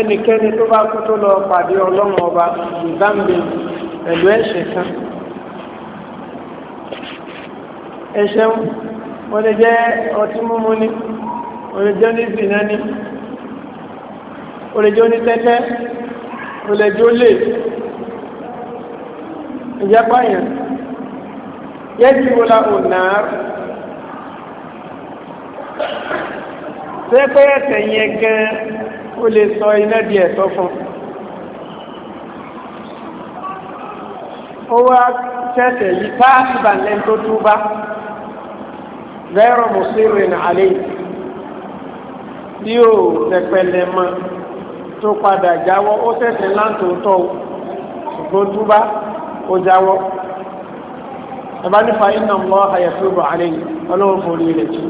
ẹnikẹ́ni tó bá kú tó lọ pàdé ọlọ́run ọba ìdáǹbẹ̀ pẹ̀lú ẹ̀ṣẹ̀ kan ẹ̀ṣẹ̀ wọn lè jẹ́ ọtí mímu ni wọn lè jẹ́ oníṣìnà ni wọn lè jẹ́ onítẹ́tẹ́ wọn lè jẹ́ olè ìjápá yẹn yẹ́dí wo la ò náà tẹ́pẹ́ ẹ̀sẹ̀ yẹn gan-an ó lè sọ iná di ẹ̀tọ́ fún ó wá tẹ́tẹ̀ yí táàtì bàlẹ́ tó túbá bẹ́ẹ̀rọ mùsùlùmí àlè tí ó tẹpẹlẹ mọ́ tó padà jáwọ́ ó tẹ̀sẹ̀ láǹtòótọ́ ṣùgbọ́n túbá ó jáwọ́ ẹ̀bá nífa iná mọ́ àyẹ̀fẹ́ bọ̀ àlè ọlọ́run forí rẹ̀ jù.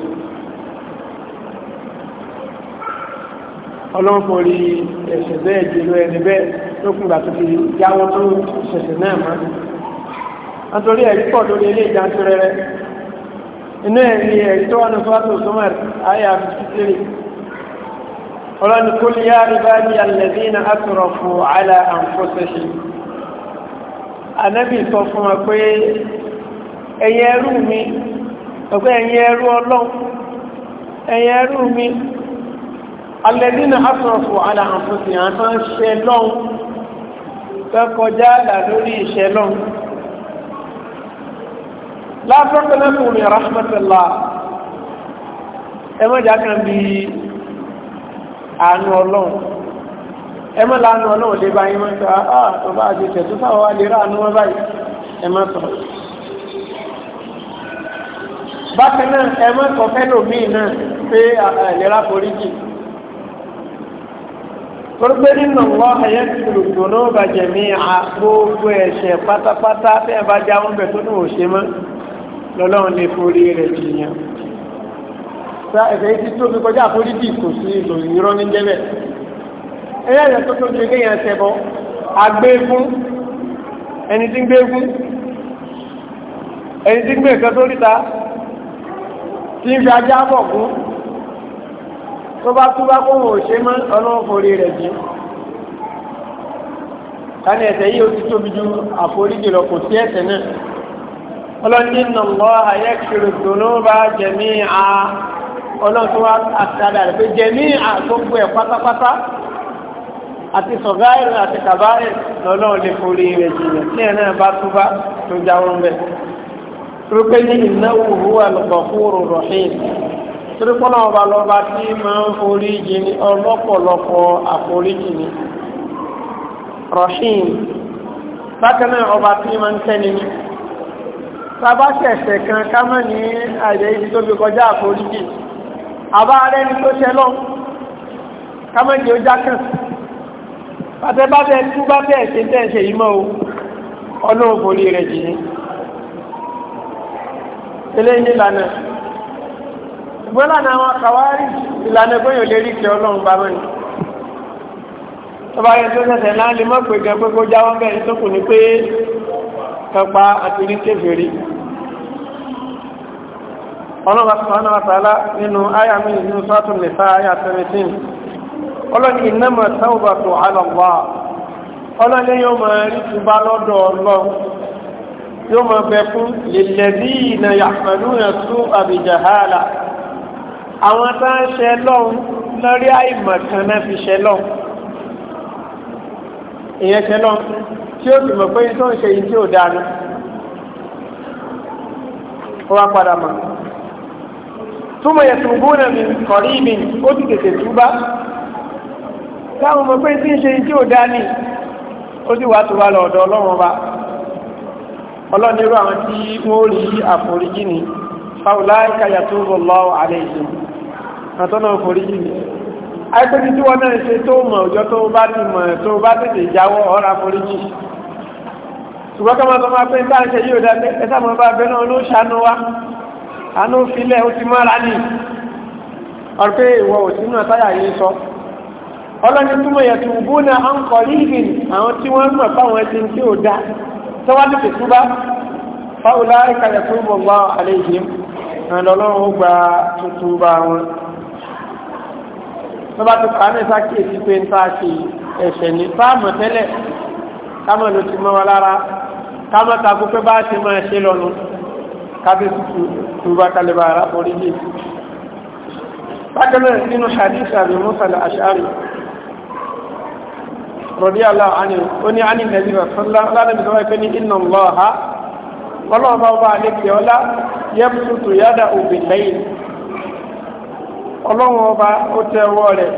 ọlọ́pọ̀ rí ẹ̀ṣẹ̀ bẹ́ẹ̀ jẹ́lú ẹni bẹ́ẹ̀ lókùn ìgbà tó fi yáwọ́ tó ṣẹ̀ṣẹ̀ náà má nítorí ẹ̀rí pọ̀ lórí ilé ìjánsó rẹ̀ inú ẹ̀rí ẹ̀rí tó wà ní fọ́tò sọ́mọ̀rì àyà fífífẹ́rì ọlọ́ni alẹ́dínà asọ̀rọ̀fò aláhànfòsì àtọ́ ṣe lọ́n tẹ́kọjá là lórí ìṣẹ́ lọ́n látọ́kọ́lẹ́kùn mi rahmatullah ẹmọ́jà kan bí àánú ọlọ́run ẹmọ́ láàánú ọlọ́run lè bá yíwọ́n tó àà tó bá ti tẹ̀ tó sáwọ́ alẹ́ ráàánú wọn báyìí ẹmọ́ sọ̀rọ̀ bákan náà ẹmọ́ kọfẹ́ lòmíì náà pé àìlera ah, ah, foríjì torípé nínú wọn ẹ̀yẹ́ ti lò tòun ó bàjẹ́ ní àgbógbó ẹ̀ṣẹ̀ pátápátá tẹ́ ẹ bá já wọn bẹ̀ tó ní òṣè mọ́ lọ́lọ́run lè forí rẹ̀ jìyàn. sa ẹ̀fẹ̀ yìí ti tóbi kọjá àforíjì kò sí ìlò ìrọ́ ní jẹ́bẹ̀. ẹ̀yẹ́ rẹ̀ tó tóbi kéèyàn ṣẹbọ agbéegun ẹni tí ń gbéegun ẹni tí ń gbé tó ríta tí ń fi ajá bọ̀ fún tó bá tú bá kó wọn ò ṣe mọ́ ọlọ́wọ́ forí rẹ̀ jì kánì ẹ̀ṣẹ̀ yìí ó ti tóbi ju àforíjì lọ kò sí ẹ̀ṣẹ̀ náà ọlọ́ni nà lọ́ ayẹ́kìrì tòun bá jẹ̀mí a ọlọ́tún wa àtàdà rẹ̀ pé jẹ̀mí a tó gbé ẹ̀ pátápátá àti sọ̀gáìrì torí pọ́nà ọba lọ́ba tí máa ń forí jìn ọlọ́pọ̀lọpọ̀ àforíjì ni rahim bákan náà ọba tí máa ń kẹ́ni ni sábà ṣẹ̀ṣẹ̀ kan ká mọ̀ ní àyè ibi tó fi kọjá àforíjì àbá arẹ́ni tó ṣẹ lọ ká mọ̀ jẹ́ ó já kàn bàtẹ́ tú bá bẹ́ẹ̀ ṣùgbọ́n lánàá àwọn kàwárí ìlànà gbóyò lè rí kí ọlọ́run bá mọ́ni tọ́ba yẹn tó ṣẹ̀ṣẹ̀ náà lè mọ̀ pé gan pé kó jáwọ́ bẹ́ẹ̀ tó kù ní pé kápá àti rí kéfèrè ọlọ́ba sọ̀rọ̀ náà tààlà nínú àyà mi nínú sọ́ọ̀tún nìta àyà 17 ọlọ́ni ìnámọ̀ yóò máa rí tuba lọ́dọ̀ ọlọ́ ìnà yàtọ̀ ẹ̀sùn àbìjàhálà àwọn tá ń ṣe lọ́hùn lórí àìmọ̀ kan náà fi ṣe lọ́hùn ìyẹn ṣe lọ́hùn tí ó sì mọ̀ pé tó ń ṣe yìí tí ò dáa ni ó wá padà mọ̀ túmọ̀ yẹ̀ tún gúnnà mi kọ̀rí mi ó ti tètè túbá táwọn ọmọ pé tí ń ṣe yìí tí ò dáa ni ó sì wá tó wá lọ ọlọ́run ọba ọlọ́nirú àwọn tí wọ́n rí àforíjì ni fáwọn láìka yàtúbọ̀ lọ́wọ́ àlẹ́ ìṣẹ́yìn àtọ́nà forí yìí àìpẹ́bí tí wọ́n náà ṣe tó mọ̀ ọjọ́ tó bá ti mọ̀ tó bá tètè jáwọ́ ọ̀rá forí yìí ṣùgbọ́n ká máa tọ́ máa pé ń táǹṣe yóò dá ẹ̀sà mọ́ bá bẹ́ẹ̀ náà ló ṣàánú wa àánú filẹ̀ ó ti mọ́ra ní ọ̀rọ̀ pé ìwọ ò sínú àtàyà yìí sọ ọlọ́ni túmọ̀ yẹn tó bú náà à ń kọ́ lígìn àwọn tí wọ́n mọ̀ fáwọn ẹ̀sìn tí ò dá tọ́wọ́ tètè túbá fáwọn láìka yẹ tó bọ̀ wá àlejò ọlọ́run ó gba tuntun bá wọn tó bá ti kà á ní sákìyèsí pé ń tá a ṣe ẹ̀ṣẹ̀ ní fáàmù tẹ́lẹ̀ kámọ̀ ló ti mọ́ wa lára kámọ̀ takú pé bá a ṣe máa ṣe lọ́nu kábí tuba kalẹ̀bà ara orí yìí. bákan náà nínú hadith àbí musal ashari radiyallahu anhu ó ní ánì nàìjíríà rọ̀sọ́lá lánàbí sọ́wọ́ ìpé ní inna Allah wọ́n lọ́wọ́ bá wà ní ọlọ́run ọba ó tẹ ọwọ́ rẹ̀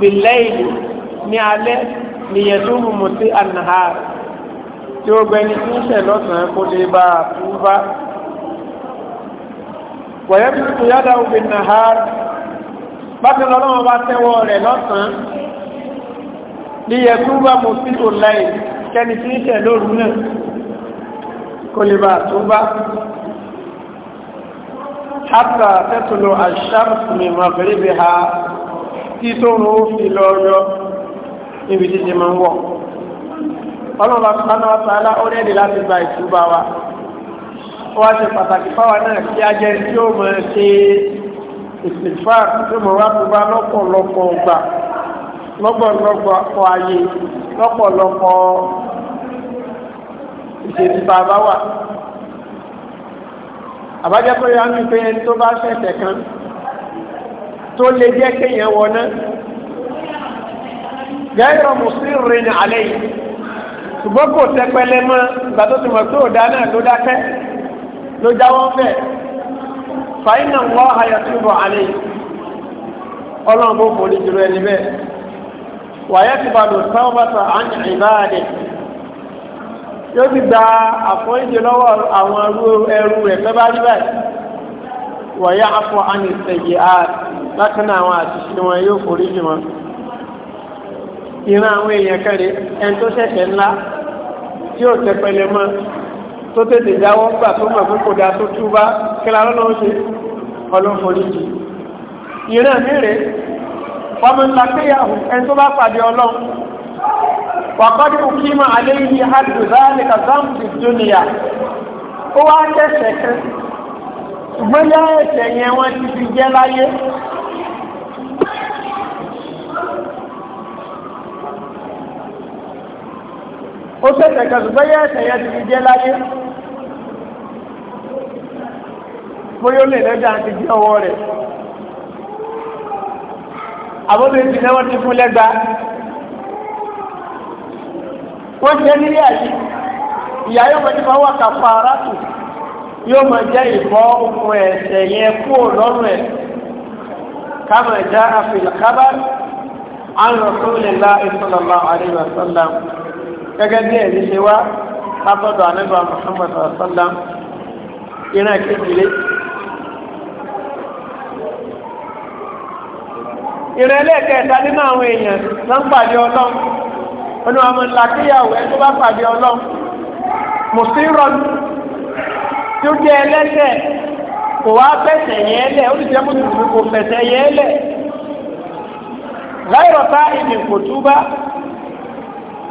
bìlẹ́ìlì ní alẹ́ nìyẹ̀dúnmù mùtí ànàhàr tí ó gbẹni tí ń ṣẹ̀ lọ́sàn-án kó lè bá a tú bá. wọ̀nyẹ́ bí tó yádà òbí nàhàr bákan náà ọlọ́run ọba tẹ́wọ́ rẹ̀ lọ́sàn-án nìyẹ̀dúnmù mùtí òláì kẹ́ni tí ń ṣẹ̀ lóru náà kó lè bá a tú bá hátà tẹ́tùlù àṣàmùsùnmí mọ̀gíríbì ha tí tó ń fi lọ yọ níbi jíjẹ máa ń wọ̀ ọlọ́run àtúntàn wa sàálà ó rẹ́ẹ̀dì láti gba ìtúbà wa wá ṣe pàtàkì fáwa náà kí a jẹ tí ó mọ̀ ṣe ìsìnfà tí ó mọ̀ wá tó bá lọ́pọ̀lọpọ̀ gbà lọ́pọ̀lọpọ̀ ayé lọ́pọ̀lọpọ̀ ìṣèlú bàbá wa àbájẹ́ pé yá mi pé ẹni tó bá ṣẹ̀ṣẹ̀ kan tó lè jẹ́ kéèyàn wọná gẹ́rọ mùsùlùmí ní alẹ́ yìí ṣùgbọ́n kò tẹpẹlẹ mọ́ ìgbà tó ti mọ̀ pé òdá náà ló dákẹ́ ló jáwọ́ bẹ̀ fàyínà wọ́n ayọ̀túbọ̀ alẹ́ yìí ọlọ́run kò forí jùlọ ẹni bẹ́ẹ̀ wàyẹ́ ti bàdùn sáwọ́ bàtà àyìn yóò ti gba àfọ́njẹ lọ́wọ́ àwọn ẹrú rẹ̀ fẹ́ bá rí báyìí wọ̀nyá afọ ànìsẹ̀yẹ á bákan náà àwọn àṣìṣe wọn yóò forí jì wọn. ìran àwọn èèyàn kẹrẹ ẹni tó ṣẹ̀ṣẹ̀ ńlá tí yóò tẹ pẹlẹ mọ́ tó tètè jáwọ́ gbà tó mọ̀ pé kò dáa tó túbá kíra lọ́nà ó ṣe ọlọ́forí jì. ìran mi rè fọmọ ńlá péyàwó ẹni tó bá pàdé ọlọ́run wàkọ́dí òkímọ̀ àléyìí àdùzáàlì kàzáǹtì dúnìyà ó wá kẹsẹ̀ kan ṣùgbọ́n yá ẹ̀sẹ̀ yẹn wọ́n ti fi jẹ́ láyé ó sẹ̀sẹ̀ kan ṣùgbọ́n yá ẹ̀sẹ̀ yẹn ti fi jẹ́ láyé bóyá lè lẹ́jà àti jẹ́ ọwọ́ rẹ̀ àbóbìnrin ti náwó ti fún lẹ́gbàá wọ́n jẹ́ nílé àyè ìyá yóò máa nípa wà kàfà aráàtù yóò máa jẹ́ ìbọ́ ohun ẹ̀sẹ̀ yẹn kú lọ́rùn ẹ̀ kama ja àfihàn kábà an Rasulillahi sallallahu alaihi wasallam gẹ́gẹ́ bí ẹ̀mí ṣe wá látọ̀dọ̀ àníbà Muhammad sallam ìran kékeré ìrẹ̀lẹ́kẹ̀ẹ́ta nínú àwọn èèyàn lọ́npàdé ọlọ́run ọ̀nà àwọn ìlàkíyàwó ẹ̀ tó bá pàdé ọlọ́run mùsírọ̀n tí ó jẹ́ ẹlẹ́sẹ̀ kò wá fẹsẹ̀ yẹn lẹ̀ ó sì jẹ́ mú tùtù kò fẹsẹ̀ yẹn lẹ̀ láìrọ̀tá ìdè kò túbá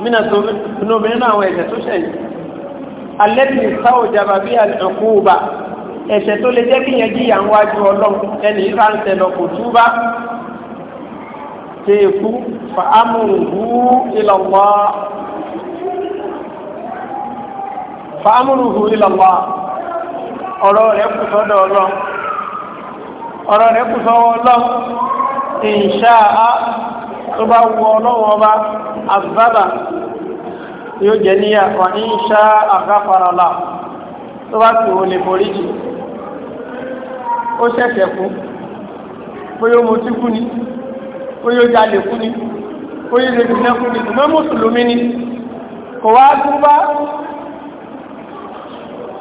mínà tó nínú obìnrin àwọn ẹ̀jẹ̀ tó ṣẹ̀yìn alẹ́ sáwò jàmbá bí àlùkù bá ẹ̀ṣẹ̀ tó lè jẹ́ kí yẹn jíyà ń wájú ọlọ́run ẹni ìfàǹsẹ̀ lọ kò túbá kéèkú fa amúrùhú ìlànà fa amúrùhú ìlànà ọ̀rọ̀ rẹ̀ kù sọ́dọ̀ ọlọ́ ọ̀rọ̀ rẹ̀ kù sọ́wọ́ ọlọ́ ìṣá a tó bá wọ ọlọ́wọ́ ọba àzábà yóò jẹ níyà wà ní ìṣá àgáfarala tó bá sì wọlé foríjì ó ṣẹ̀ṣẹ̀ kú bóyá mo ti kú ni oyè jalè fún ni oyè lèbìnà fún ni ṣùgbọ́n mùsùlùmí ni kò wá túbá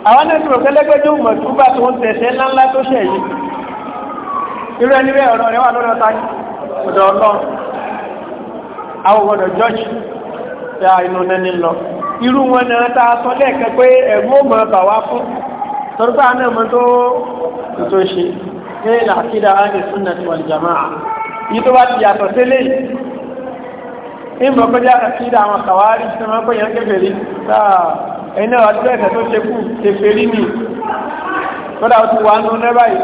àwọn náà tìrò kẹlẹ́gbẹ́jọ́ mọ̀ túbá tó ń tẹ̀sẹ̀ ńláńlá tó ṣẹ̀ yìí irú ẹni bẹ́ẹ̀ ọ̀rọ̀ rẹ̀ wà lọ́dọ̀ ta ọ̀dọ̀ ọlọ́run àwọn ọ̀dọ̀ ya inú nẹ́ni lọ irú wọn náà ta sọ lẹ́ẹ̀kẹ́ pé ẹ̀gbọ́n ò mọ̀ bà wá fún torípé àná mọ́ tó tó ṣe ní àkídà áàdì sunnah wal yìí tó bá ti yàtọ̀ sílẹ̀ yìí ìmọ̀ kọjá àti ìdá àwọn kàwárí tí wọ́n pè yàn kéfèrí sáà ẹni àwọn àti ẹ̀sẹ̀ tó ṣekú kéfèrí nì kódà ó ti wà nù ní báyìí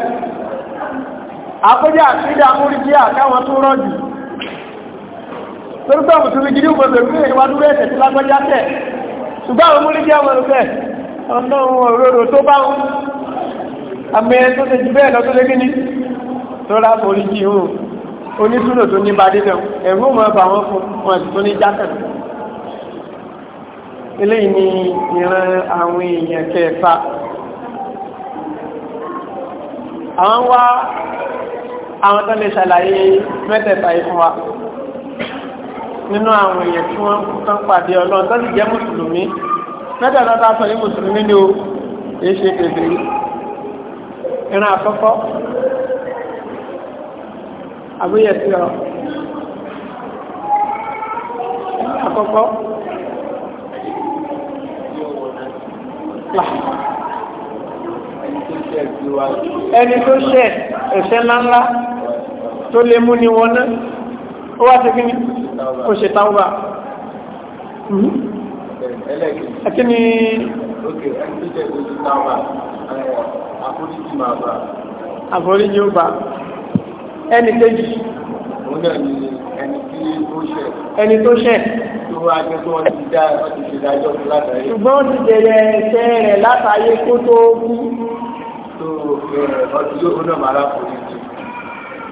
àkójá àti ìdá amúrí jíà káwọn tó rọ́jù torí pé mùsùlùmí gidi gbogbo ìlú èyí wá dúró ẹ̀sẹ̀ tí lágbọ́já tẹ̀ ṣùgbọ́n àwọn múrí jíà wọn fẹ́ ọ̀nà òróró tó bá wọn àmì ẹ̀ tó ṣe jù bẹ́ẹ̀ lọ tó lé gíní tó rá forí jí onísúnà tó ní bá dídán ẹ̀rú mọ́ bá wọn fún wọn sì tó ní jákàn eléyìí ni ìran àwọn èèyàn kẹfà àwọn wá àwọn tó lè ṣàlàyé mẹ́tẹ̀ẹ̀ta ìfún wa nínú àwọn èèyàn tí wọ́n tán pàdé ọlọ́run tó sì jẹ́ mùsùlùmí mẹ́tẹ̀ẹ̀ta tá a sọ ní mùsùlùmí ni o kìí ṣe kèbèrè ìran àkọ́kọ́ àbúyẹ̀ sí ọ àkọ́kọ́ ẹni tó ṣẹ̀ ẹ̀ṣẹ̀ ńláńlá tó lè mú ní wọn náà ó wá ti kí ni ó ṣe táwọn hmm? bá Ẹkí ni àforíjì ó bá ẹni kejì. òun náà ni ẹni tí ó ṣẹ̀. ẹni tó ṣẹ̀. tó wá jẹ́ pé wọ́n ti dá wọ́n ti ṣe dájọ́ fún látàyè. ṣùgbọ́n ó ti bẹ̀rẹ̀ ẹ̀ṣẹ̀ rẹ̀ látàyè kó tó kú. tó ọtí yóò náà máa rákò ní ti.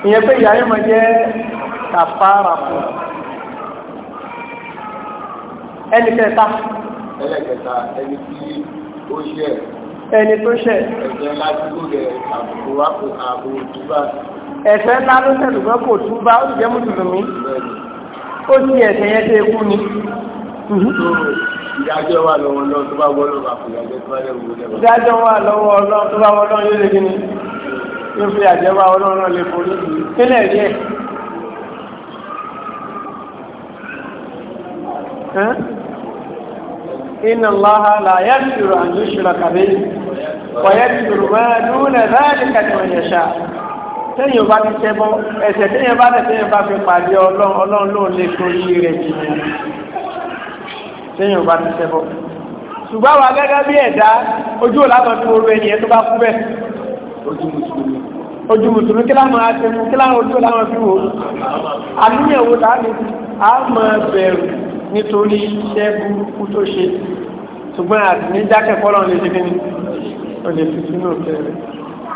ìyẹn pé ìyá yẹn máa jẹ́ kàfàrà fún. ẹni kẹta. ẹlẹ́kẹta ẹni tí ó ṣẹ̀. ẹni tó ṣẹ̀. ẹ̀jẹ̀ láti kú rẹ̀ àbùkù àbùkù àbùkù ẹ̀ṣẹ̀ ńlá ló lùgbọ́n kò tún bá ó jẹ́ mùsùlùmí ó ti ẹ̀ṣẹ̀ yẹn ṣe ni. ìdájọ́ wà lọ́wọ́ ọlọ́run tó bá wọ́n lọ́wọ́ yóò lè kí ni yóò fi àjẹwà ọlọ́run lè forí sílẹ̀ díẹ̀. téèyàn bá ti ṣẹbọ ẹ̀ṣẹ̀ téèyàn bá tẹ̀ téèyàn bá fi pàdé ọlọ́run ọlọ́run ló lè torí rẹ̀ jìnnà téèyàn bá ti ṣẹbọ. ṣùgbọ́n wa gẹ́gẹ́ bí ẹ̀dá ojú ò látọ̀ tí mo rẹ ẹni ẹ tó bá kú bẹ́ẹ̀ ojú mùsùlùmí kí láwọn àtẹnu kí láwọn ojú láwọn fi wò àníyàn wo tàbí a máa bẹ̀rù nítorí iṣẹ́ burúkú tó ṣe ṣùgbọ́n àtìníjákẹ́kọ́ lọ́n lè ṣe kí ni ó lè fi sínú òkè rẹ̀.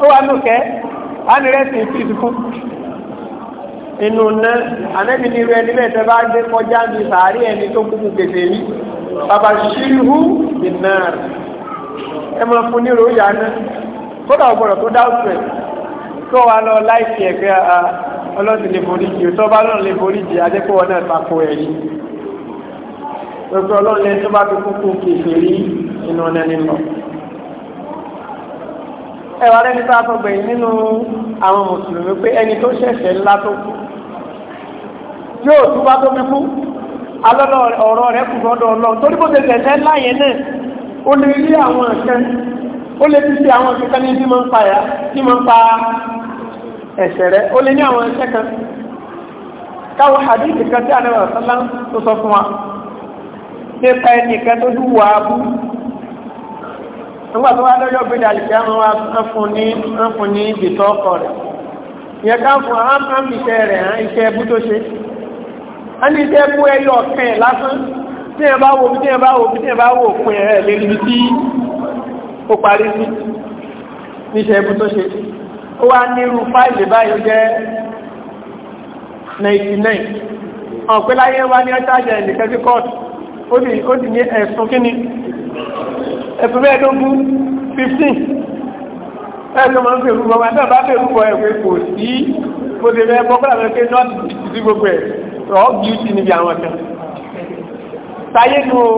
ó wà nù kẹ́ á ní rẹ́sì ìfi ìdúkú inú ná anẹ́bí ní irú ẹni bẹ́ẹ̀ tẹ́ bá dé kọjá ní sàárì ẹni tó kúkú kèfè rí bàbá ṣíhú ìnà ẹ máa fún ní ròyà náà kódà ọgbọ̀rọ̀ tó dá òtún ẹ̀ tó wà lọ láìsí ẹ̀gbẹ́ ah, ọlọ́sìn lè borí jì tó bá lọ́nà lè borí jì adékòwò náà tako ẹ̀rí gbogbo ọlọ́run lẹ́ni tó bá fi kúkú kèfè rí inú ọ̀nà nínú ẹwà rẹ nípa àtọgbẹ̀yìn nínú àwọn mùsùlùmí pé ẹni tó ṣẹ̀ṣẹ̀ ńlá tó kú yóò túbá tó fi kú alọ́lọ́ ọ̀rọ̀ rẹ̀ kù lọ́dọ̀ ọlọ́run torí bó ṣe ṣẹ̀ṣẹ̀ ńlá yẹn náà ó lè rí àwọn nǹkan ó lè fi ṣe àwọn nǹkan ní tí máa ń pa yà tí máa ń pa ẹ̀ṣẹ̀ rẹ̀ ó lè ní àwọn ẹ̀ṣẹ̀ kan káwọn hadith kan tí àlẹ́ wà tó sọ fún wa nípa ẹnìkan tó dúwàá bú nígbà tó wá lọ́jọ́ gbé dàlìkì àmọ́ wa ń fún ní ìbìtọ́ ọkọ̀ rẹ̀ ìyẹn ká fún àmì iṣẹ́ rẹ̀ hàn iṣẹ́ ẹbú tó ṣe a ní iṣẹ́ ẹbú ẹyọ ọ̀kẹ́ lásán tí ẹ bá wo bí tí ẹ bá wo bí tí ẹ bá wo òpin ẹ̀ lè rí tí ó parí sí níṣẹ́ ẹbú tó ṣe ó wá nírú fáìlì báyìí jẹ́ 99 ọ̀pẹ́ láyé wá ní ọ́tájà ẹ̀lẹ́kẹ́ sí kọ́ọ̀tù ó sì ní ẹ̀sùn kíní ẹ̀fẹ́ mẹ́ẹ̀ẹ́dógún fifteen ẹ̀ẹ́dọ́ máa ń fẹ́ rúbọ máa dábàá fẹ́ rúbọ ẹ̀wẹ́ kò sí bó ṣe fẹ́ bọ́ kọ́lá fẹ́ pé nọ́ọ̀tì sí gbogbo ẹ̀ rọ́ bíútì níbi àwọn kan táyé nu o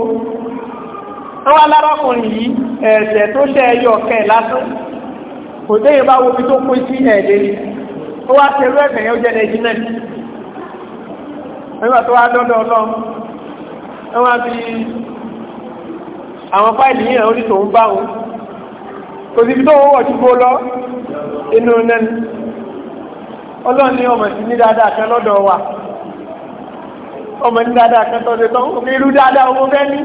wọ́n wá lárakùnrin yìí ẹ̀ẹ̀sẹ̀ tó ṣe ẹyọ ọ̀kẹ́ lásán kò déyìn bá wo ibi tó pín sí ẹ̀ẹ́dẹ́rì ó wá ṣe rú ẹ̀fẹ̀ yẹn ó jẹ́ nàìjíríà nígbà tó wá dọ́dọ̀ ọlọ́run àwọn fáìlì yìí àwọn onítòun bá wọn kò sí tó wọ́wọ́ tí gbó lọ inú nẹ́nu ọlọ́run ní ọmọ sí ní dáadáa kan lọ́dọ̀ wa ọmọ ní dáadáa kan tọ́jú tán òkè irú dáadáa owó fẹ́ ní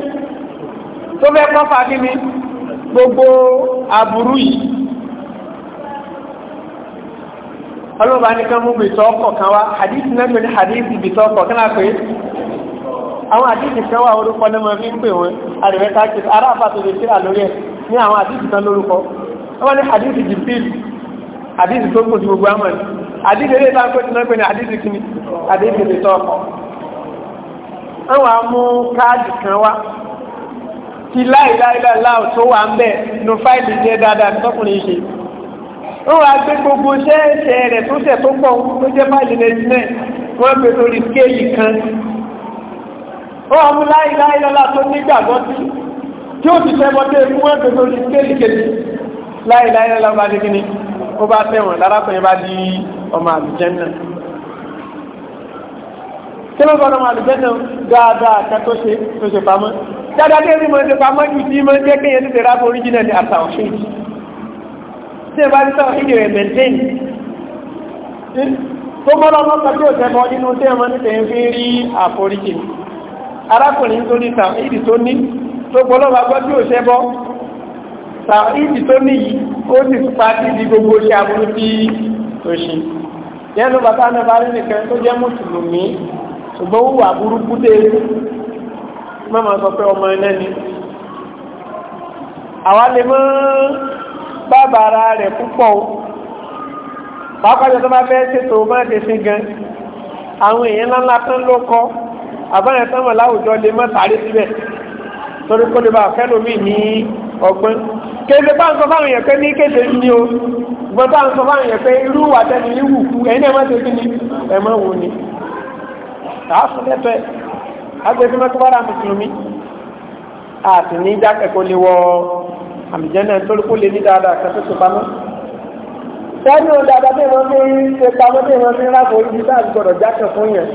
tó fẹ́ pọ́fà kí ni gbogbo àbúrú yìí ọlọ́run bá ní kán mú bìtọ́ ọkọ̀ kan wá hadith náà pẹ̀lú hadith bìtọ́ ọkọ̀ kan náà pé àwọn àdìsí kan wà orúkọ lẹ́mọ̀ fi ń pè wọ́n àrẹ̀rẹ̀ káàkiri ará àbàtò lè ṣe àlórí ẹ̀ ní àwọn àdìsí kan lórúkọ wọ́n ní àdìsí jìbìlì àdìsí tó kù sí gbogbo àmọ́ ni àdìsí eré ìbáńkó ti náà pé ní àdìsí kìíní àdìsí lè tọ́ àwọn amú káàdì kan wá ti láìláìláìláò tó wà ń bẹ̀ nu fáìlì jẹ́ dáadáa tọkùnrin ṣe wọ́n wá gbé gbogbo iṣẹ́ ẹ̀ṣẹ̀ rẹ̀ tó tẹ̀ tó pọ̀ tó jẹ́ fáìlì nẹ́ẹ̀tì náà wọ́n ó wà mú láìláì lọ́la tó nígbàgbọ́ sí tí ó ti tẹ́bọ́ tó ikú wọn tó lórí kéèkéèké láìláì lọ́la bá dé kíni ó bá tẹ̀wọ̀n lárákùnrin bá di ọmọ àlùjẹ́nà tí wọ́n gbọ́dọ̀ ọmọ àlùjẹ́nà dáadáa kan tó ṣe tó ṣe pamọ́ dáadáa tó ṣe mọ́ṣe pamọ́ ju tí mọ́ jẹ́ kéèyàn ti tẹ̀ra fún oríjìnà ní àtàwọn ṣe tí ẹ bá ti sọ̀rọ̀ ìdí rẹ̀ mẹ́ntẹ́nì tó hm? mọ́ lọ́mọ́ kan tí ò tẹ́bọ́ arákùnrin tó ní tàwíìdì tó ní tó gbọ́lọ́wà gbọ́ tí ò ṣẹ́ bọ́ tàwíìdì tó ní yìí ó sì pa sí di gbogbo ṣe àbúrú tí ó ṣe yẹnu bàbá náà bá rí nìkan tó jẹ́ mùsùlùmí ṣùgbọ́n ó wà burúkú dé mọ́mọ́ sọ pé ọmọ ẹ̀ lẹ́ni àwa lè mọ́ bàbá ara rẹ̀ púpọ̀ o pàápàá jọ tó bá fẹ́ ṣètò má ṣe gan àwọn èèyàn ńláńlá tán ló kọ́ àbáyẹn tán wọn láwùjọ lè mọ́ sáré síbẹ̀ torí kó lè bá fẹ́lómi ní ọgbọ́n kéde bá ń sọ fáwọn èèyàn pé ní kéde ní o gbọ́n bá ń sọ fáwọn èèyàn pé irú wà tẹ́ni ní wù kú ẹ̀yin náà má ṣe kí ni ẹ̀ mọ́ wù ni àásùn lẹ́tọ̀ẹ́ agbèsí mẹ́kúbára mùsùlùmí àti ní dákẹ́kọ̀ọ́ lè wọ àmìjẹ́nà torí kó lè ní dáadáa kan tó tó pamọ́ sẹ́yìn dáadáa tí wọ́n fi ń ṣe pamọ́ tí wọ́n fi ń rákòó ibi táà gbọ́dọ̀ jákẹ́ fún yẹn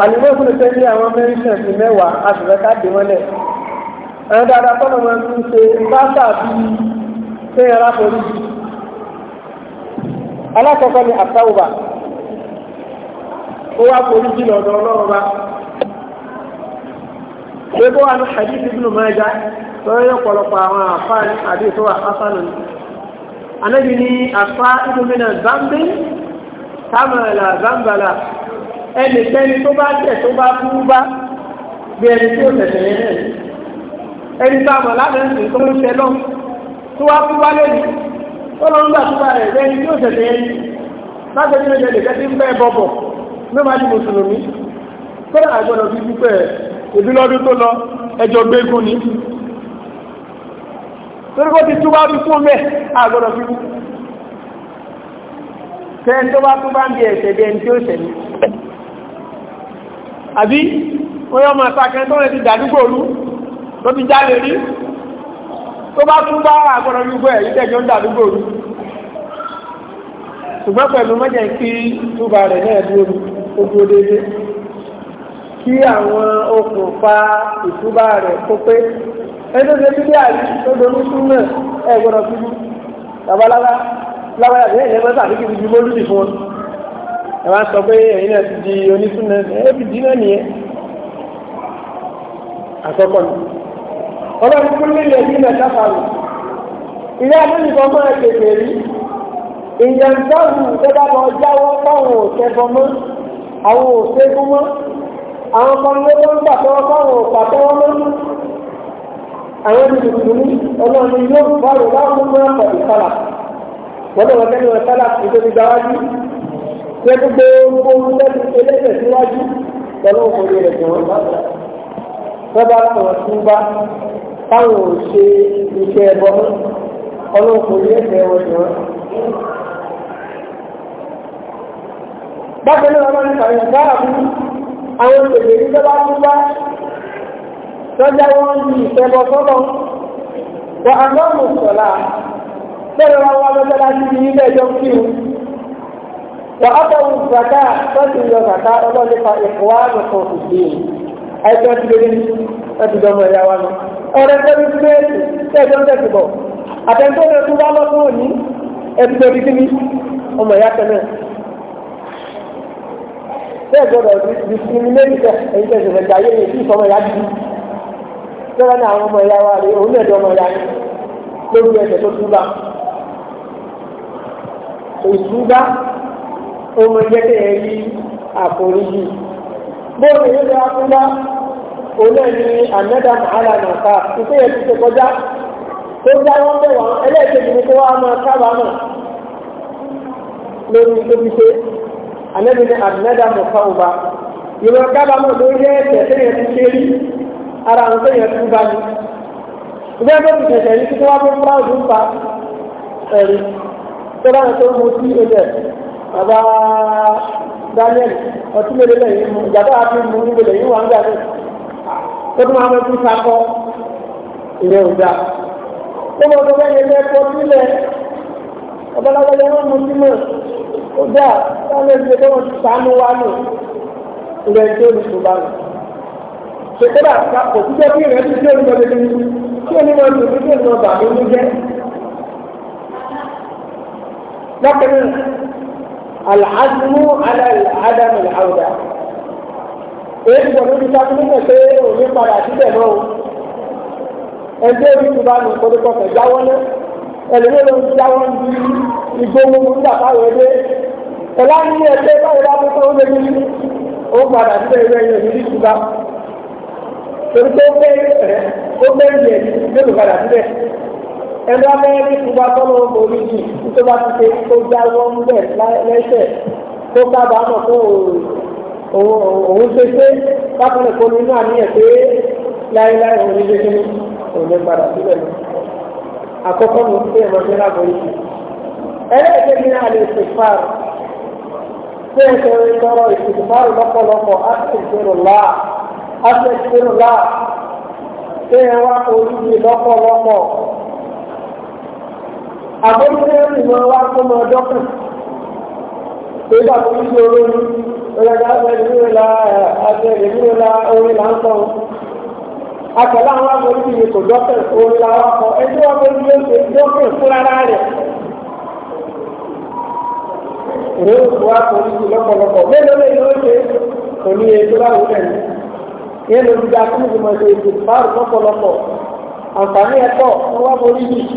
àlùmọ́ fún mi tẹ́lẹ̀ àwọn mẹ́rìndínlẹ̀ sí mẹ́wàá àṣìṣẹ́ká dé wọ́n lẹ̀ àwọn dáadáa tọ́nà máa ń tún ṣe báṣà bí kéèyàn láforí jù alákọ̀ọ́kọ́ ni àtàwùbà ó wá forí jù lọ́dọ̀ ọlọ́run bá gbogbo wa ní hadith ibn Majah lọ́wọ́ yóò pọ̀lọpọ̀ àwọn àfáà ní hadith wa hasan ni anábì ní àfáà ibùmínà zambi tamala zambala ẹnikẹ́ni tó bá tẹ̀ tó bá kú bá bí ẹni tí ó tẹ̀tẹ̀ yẹn náà ẹni tá a mọ̀ lánàá ń sìn tó ń ṣe lọ tó wá kú wá lẹ́yìn tó lọ ń gbà tó bá rẹ̀ bí ẹni tí ó tẹ̀tẹ̀ yẹn láti ẹni tó tẹ̀lé kẹ́tí ń bẹ́ẹ̀ bọ̀bọ̀ ló máa di mùsùlùmí kódà àgbọ̀dọ̀ fi dúpẹ́ ìbí lọ́dún tó lọ ẹjọ́ gbégún ni torí kó ti túbá fi fún mẹ́ àgbọ̀dọ̀ fi kú kẹ́ni bá tún bá ń bí ẹ̀ṣẹ̀ bí ẹni tí ó ṣẹ̀ ní àbí wọ́n yọ máa sàkẹ́ tó rẹ̀ ti dàdúgbò olú tó ti jáde rí tó bá tún bá àgbọ̀rọ̀ gbogbo ẹ̀ ìtẹ́jọ́ ń dàdúgbò olú ṣùgbọ́n pẹ̀lú mọ́jẹ̀ kí túbà rẹ̀ náà dúró ojú dédé kí àwọn okùnfà ìtúbà rẹ̀ kó pé ẹjọ́ ṣe bí díà tó dolú sún náà ẹ wá sọ pé ẹ̀yin náà ti di onísúnà ẹbí dín náà nìyẹn àkọ́kọ́ ni ọlọ́run kún nílẹ̀ yìí náà sáfàrù ìyá àdúgbò kan máa tètè rí ìjàǹdọ́rù tó bá lọ jáwọ́ fáwọn òṣèbọ mọ́ àwọn òṣègùn mọ́ àwọn kan ló ló ń pàtẹ́wọ́ fáwọn òpàtẹ́wọ́ mọ́ àwọn mùsùlùmí ọlọ́run yóò bá rò láwọn mọ́ àpàdé sálà wọ́n lọ́wọ́ kẹ́ni sálà nítorí ṣé gbogbo ohun lẹ́nu ẹlẹ́sẹ̀ síwájú lọ́wọ́ òkòlè rẹ̀ jù wọ́n bàbá bàbá kan tún bá táwọn ò ṣe iṣẹ́ ẹbọ mọ́ ọlọ́wọ́ òkòlè ẹ̀sẹ̀ wọn jù wọ́n. bákan náà wọn ní kàwé ẹ̀ka àbúrú àwọn òṣèlú ní bàbá tún bá sọ́jà wọn ní ìṣẹ́bọ sọ́bọ̀ wọ́n àgbọ̀n mọ̀ sọ̀la bẹ́ẹ̀ wá wá lọ́jọ́ láti fi ilé ẹjọ́ kírun. وأعطوا الزكاة فاتوا إلى زكاة الله لقى إخوانكم في الدين أي كانت تدري أنت دوم يا وانا أنا كنت بيت تدوم تكبو أتنتو نتو باما كوني أنت تدري كمي أما يا كنا تدوم discriminate أي كانت تدري أي كانت تدري أي tọ́lá ní àwọn ọmọ ìyá wa rèé òun ẹ̀dọ́ ọmọ ìyá yẹn lórí ẹ̀sẹ̀ tó túbà. Èsúbá ó mọ jẹ́ kẹ́ ẹ rí àforíjì bóòlù yóò lọ akúndá olóòní anẹ́dà màhálà nàka ìpé yẹn ti ṣe kọjá tó já wọn bẹ̀ wọ́n ẹlẹ́ẹ̀kejì ni kó wá máa kábàámọ̀ lórí tó fi ṣe anẹ́bí ni anẹ́dà mọ̀ká ọba ìwọ̀n kábàámọ̀ lórí ẹ̀ṣẹ̀ tẹ́yẹ̀ ti ṣe rí ara àwọn tẹ́yẹ̀ tún bá ní ìgbẹ́ tó ti ṣẹ̀ṣẹ̀ ní kí wọ́n bó fúláwù ń pa ẹ̀rí tó bá ń bàbá Daniel ọtí lè lẹ́yìn mu ìjàdá àti mu níbi lẹ́yìn wà ń gbà dé ó tún máa mọ tún sakọ ìyẹn ò dáa ó mọ tó bẹ́ẹ̀ yẹn kọ́ sílẹ̀ ọ̀bọ̀lágbẹ́lẹ́ wọn mú sí mọ̀ ó dáa Daniel ṣe tó wọn ti sànú wá lò ilẹ̀ tó ní kò bá lò ṣèkọ́dà kò síjọ́ kí ìrẹ́ ti dé olùkọ́ni ní kí onímọ̀ tó ní kí onímọ̀ bàbá ó ní jẹ́ lọ́kẹ́rẹ́ العزم على عدم العودة èyí gbọ́dọ̀ bí sáfún ní pé òní padà síbẹ̀ náà ẹgbẹ́ orí ti bá mi kọ́dọ̀kọ́fẹ̀ jáwọ́ náà ẹlẹ́wọ́ ló ń jáwọ́ ní igbó gbogbo nígbà táwọn ẹgbẹ́ ẹ̀lá ní ẹgbẹ́ báyìí bá tó ń lébi ó padà síbẹ̀ ìwé ẹ̀yìn òní ti bá torí pé ó gbé ẹ̀rẹ́ ó gbé ẹ̀yìn mélòó padà síbẹ̀ ẹni wọn bẹ́ẹ̀ ní ìtura tọ́lọ́ orí yìí nítorí wọn ti ṣe tó já wọn ń bẹ̀ lẹ́sẹ̀ tó kábà mọ̀ tó òun ṣe ṣe bákan ẹ̀kọ́ ní inú àníyàn pé láéláé òun ní ṣe òun ní padà sílẹ̀ lọ. àkọ́kọ́ mi ń pè é mọ́tí lágbo yìí. ẹlẹ́ẹ̀kẹ́ ní alẹ́ ìṣèpá ṣé ẹ̀ṣẹ̀ rẹ̀ lọ́rọ̀ ìṣèpá lọ́pọ̀lọpọ̀ á ṣe ìṣ àbójútẹ́rì mọ wá kó mọ dọ́kàn ìgbà tó ń ṣe olóyún ìrẹ̀dá abẹ́rẹ́ la abẹ́rẹ́ la orin là ń sọ akọ̀lá àwọn abẹ́rẹ́ yìí kò dọ́kàn orin la wà kọ ẹjọ́ abẹ́rẹ́ yóò ṣe dọ́kàn fúnra rẹ̀ ìwé òkú wa kò ní ti lọ́pọ̀lọpọ̀ mélòó lè yóò ṣe kò ní ètò láwùjọ rẹ̀ ìyẹn ló ti dá kí ní ìmọ̀ ṣe ètò báàrù lọ́pọ̀lọpọ̀ àǹfààní ẹ̀kọ́ wọ́n wá borí yìí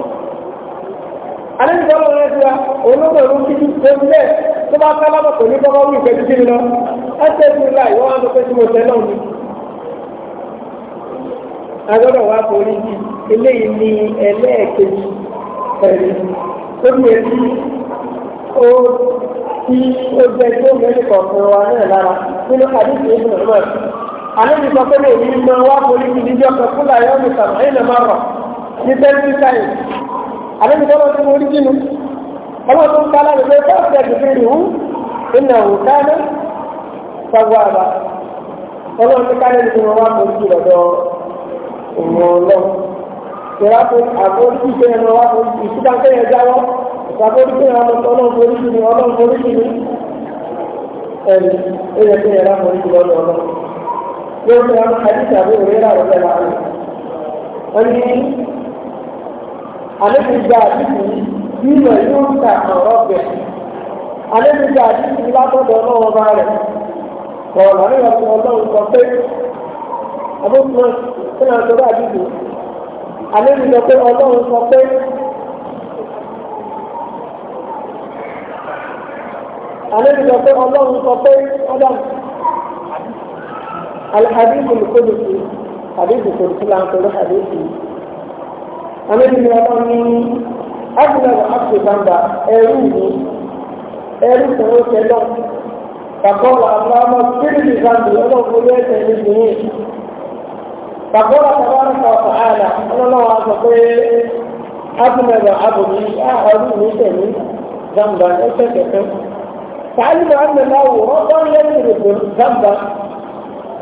alẹ́nudọ́ lọ rẹ̀ dira olóńgbò ló ti dùn tó lẹ̀ tó bá ká lábọ̀ pẹ̀lú bọ́bá wù ìgbẹ́ dídí lọ ẹsẹ̀ ti la ìwọ́n wá lọ́pẹ́ tí mo tẹ́ náà ni. agbọ́dọ̀ wá forí jì eléyìí ni ẹlẹ́ẹ̀kejì ẹ̀rí ó bí ẹbí ó ti ó jẹ́ tó mẹ́rin kọ̀ọ̀kan wa náà lára nínú àdéhùn ìgbìmọ̀ náà àlejò sọ pé lè ní máa wá forí jì níjọ́ kan àbẹ́bí tó lọ́ọ́ tó mú orí jínú ọlọ́run tó ń ká láti pé fọ́ọ̀sì ẹ̀dùnkún rè wú iná òkà náà sago àbá ọlọ́run tó ká lẹ́nu tó wọn wá mú orí jìnnà lọ òun ọlọ́run ìrà tó àforíjì tó yẹn lọ wá mú ìsúkà tó yẹn jáwọ́ àforíjì tó yẹn lọ àlébùgbà àdìsí nílò yóò ta ọ̀rọ̀ bẹ̀. àlébùgbà àdìsí látọ̀dọ̀ ọlọ́wọ́ bá rẹ̀ ọ̀rọ̀ àríwá tí ọlọ́run sọ pé àbúkùnrin tí wọ́n sọ bá àdìsí àlébùgbà pé ọlọ́run sọ pé àlébùgbà pé ọlọ́run sọ pé ọ̀dà alhadith olùkọ́dùkú àdìsí kò sí láǹkọ̀ọ́ àdìsí yìí àlejò ọmọ ní ábùdàbọ̀ ábùdàbà ẹrú ni ẹrú kan ó tẹ lọ kàkọ́ọ̀lá àbúrámọ́ kíríkì zambi ọlọ́run ló ẹsẹ̀ ní ìdíyìn kàkọ́ọ̀lá tàbára kan fàáàlà ọlọ́run wa sọ pé ábùdàbọ̀ ábùdì ẹrú ni tẹ̀lé zamba ẹsẹ̀ kẹfẹ́ sàálì náà ń lọ wò ọgbọ́n lẹ́yìn rẹ̀ zamba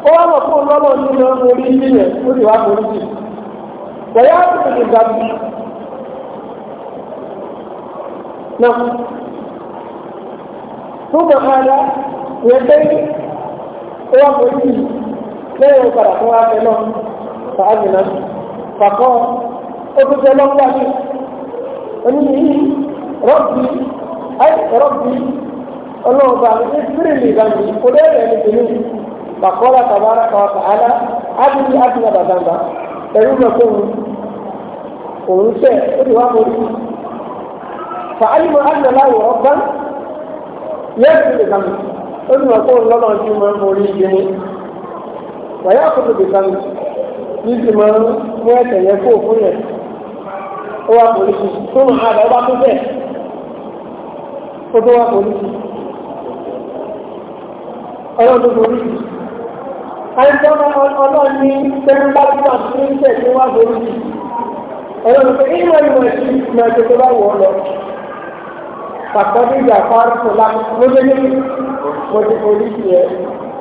ó wà lọ fún ọlọ́run nínú orí ó sì wá borí jù. ويعبد للذنب نعم ثم هذا يدعي وقلبي لا ينكر أخوات له فأذن فقال أبد الله أني ربي أي ربي الله تعالى اغفر لي ذنبي قل لي ذنبي فقال تبارك وتعالى أبي أذنب ذنبا ẹ̀rú mọ̀ fún un òun tẹ̀ ó ti wá mórí. fàálìmọ̀ àgbàlá wọ̀ ọ́gbá yẹ́sì lè kàmì ó ti mọ̀ fún un lọ́nà ojú mọ́ mórí yé mi wàyà àkókò lè kàmì ní ti mọ́ mú ẹ̀sẹ̀ yẹn kó fún yẹn ó wá mórí sí tó mọ̀ àgbà ó tó bẹ̀ ó tó wá mórí sí ọlọ́run tó sí àìjọba ọlọ́run ní tẹ́ńpápá ní ìṣẹ̀lẹ̀ wà lórí yìí ọlọ́run pé ìwọ ìwọ ìṣí máa ṣe tó bá wọ̀ ọ́ lọ pàtàkì ìjà fáwọn fúnlá lóde ní mo ti forí sí ẹ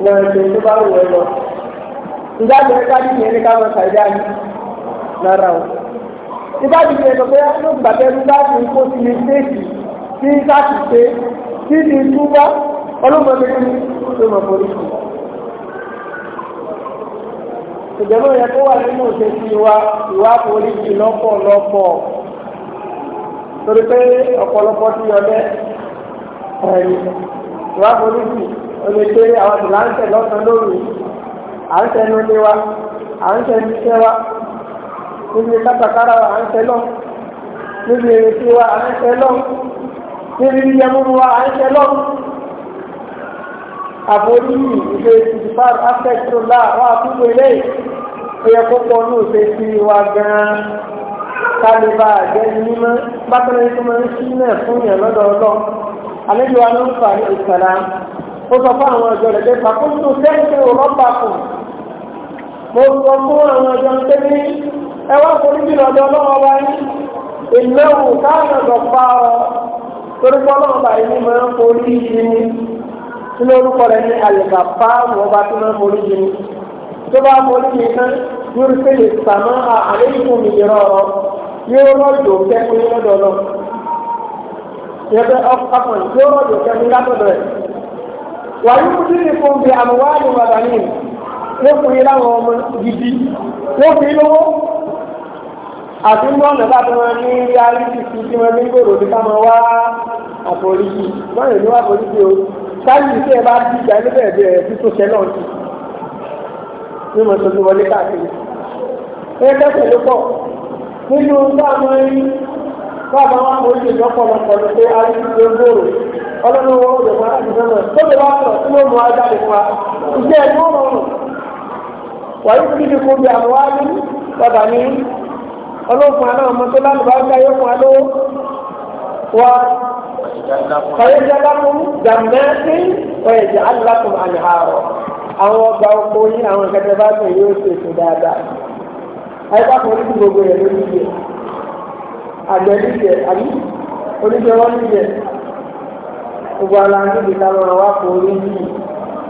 máa ṣe tó bá wọ̀ ọ́ lọ ìjáde ẹ̀ka nìyẹn ní ká máa mọ̀ forí ìjọba yẹ kó wà nínú òṣèṣì wa ìwà àforíjì lọ́pọ̀lọpọ̀ torí pé ọ̀pọ̀lọpọ̀ ti yọdẹ ẹ̀rí ìwà àforíjì olùgbé àwọn tìláńtẹ̀ lọ́sàn-án lóru à ń tẹnu lé wa à ń tẹnu iṣẹ́ wa níbi kátàkárà wa à ń tẹ lọ níbi èrèsí wa à ń tẹ lọ níbi yíyẹ wa à ń tẹ lọ àforíyìn ìṣe ìfipár afẹ́kìrọ̀lá wà àtúntò ilé ẹ̀yẹ púpọ̀ ní òṣè sí wa gan-an kálíbà àjẹni mímọ́ bákẹ́rẹ́ tó máa ń sí náà fún yàn lọ́dọ̀ ọlọ́ àlejò wa ló ń fà ní ìsàlá ó sọ fún àwọn ọjọ́ rẹ̀ pé pàkóso sẹ́ńtẹ̀ òrọ́pà kù mo sọ fún àwọn ọjọ́ ń tẹ́lẹ̀ ẹ wá forí bí lọ́dọ̀ ọlọ́wọ́ wa ní ìnáwó káàkiri ọ̀dọ̀ pa ọ torí pé ọlọ́wọ́ bàyìí ni máa ń forí yìí nínú orúkọ ni ní àlùkàfà wọba tó máa forí jìn tó bá forí jìn tán yóò rí pé lè sàmọ́ àlékún mi rọrọ yóò rọ̀jò kẹ́kọ̀ọ́ yóò lọ́dọ̀ lọ. yẹ́pẹ́ ọkùnrin yóò rọ̀jò kẹ́kọ̀ọ́ látọ̀dọ̀ rẹ̀. wà á yóò dídì fún bí àmúwá ni wàdà ní yóò fún yín láwọn ọmọ gidi yóò fi lówó. àti ní ọ̀nà láti máa ní rí àríṣì sí tí wọ́n ní gbòòrò ní ká máa wá àforíjì wọ́n yóò ní wá àforíjì o sáyìn tí ẹ bá ti ìjà ẹni bẹ́ẹ̀ bẹ́ẹ̀ tí tó ṣẹ náà ti ní mo wọlé káàkiri. ẹ ló pọ̀ nínú rí wá àforíjì lọ́pọ̀lọpọ̀ pé tó ń gbòòrò ọlọ́run wọ́n tó lè wá sọ̀rọ̀ tí wọ́n mú ìjẹ́ ọlọ́fun aláwọ̀ ọmọ tó lálùbá ọjà yóò fún alówó wa fàyẹ́jà lákùn jàmẹ́sì ọ̀yẹ̀jà alákùn àyàrọ̀ àwọn ọgbà ọkọ yín àwọn kẹtẹ bá tẹ̀ yóò ṣe ètò dáadáa àyíká kan ní gbogbo yẹn lórí yẹ àgbẹ̀ níjẹ àbí oníjẹ wọn níjẹ gbogbo ara níbi táwọn àwọn àpò orí yìí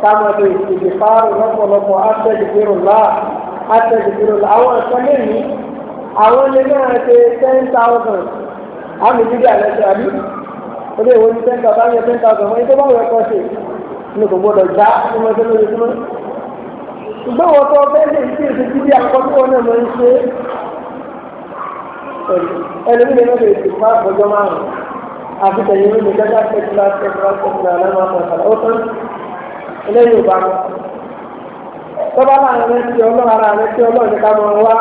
táwọn ọdọ ìṣèlè fáwọn lọ́pọ̀lọpọ̀ àtẹ̀jẹ̀dẹ̀rọ̀ láà àtẹ̀jẹ̀dẹ̀rọ̀ láà àwọn ẹ̀kọ́ lè ní àwọn ilé náà ṣe ten thousand àmì bíbí àlẹ́sẹ̀ àbí ọdẹ ìwọ ní ten thousand yẹ ten thousand wọ́n yẹ tó bá wọ̀ ẹ̀kọ́ ṣe ní kò gbọdọ̀ já ní mo ṣe lórí fún ṣùgbọ́n wọ́n tó ọbẹ̀ lè ṣe èsì bíbí àkọ́kọ́ náà mo ń ṣe ẹlòmíì náà lè ṣe fún àgbọ̀jọ́ márùn-ún àti tẹ̀yìn mi ní kẹ́kẹ́ kẹ́kẹ́ kẹ́kẹ́ kẹ́kẹ́ lẹ́nu àpọ̀ṣàlẹ́ ó tán eléyìí ò bá wọn tọ́ba láàrin ti ọlọ́run ara rẹ tí ọlọ́run ká máa wá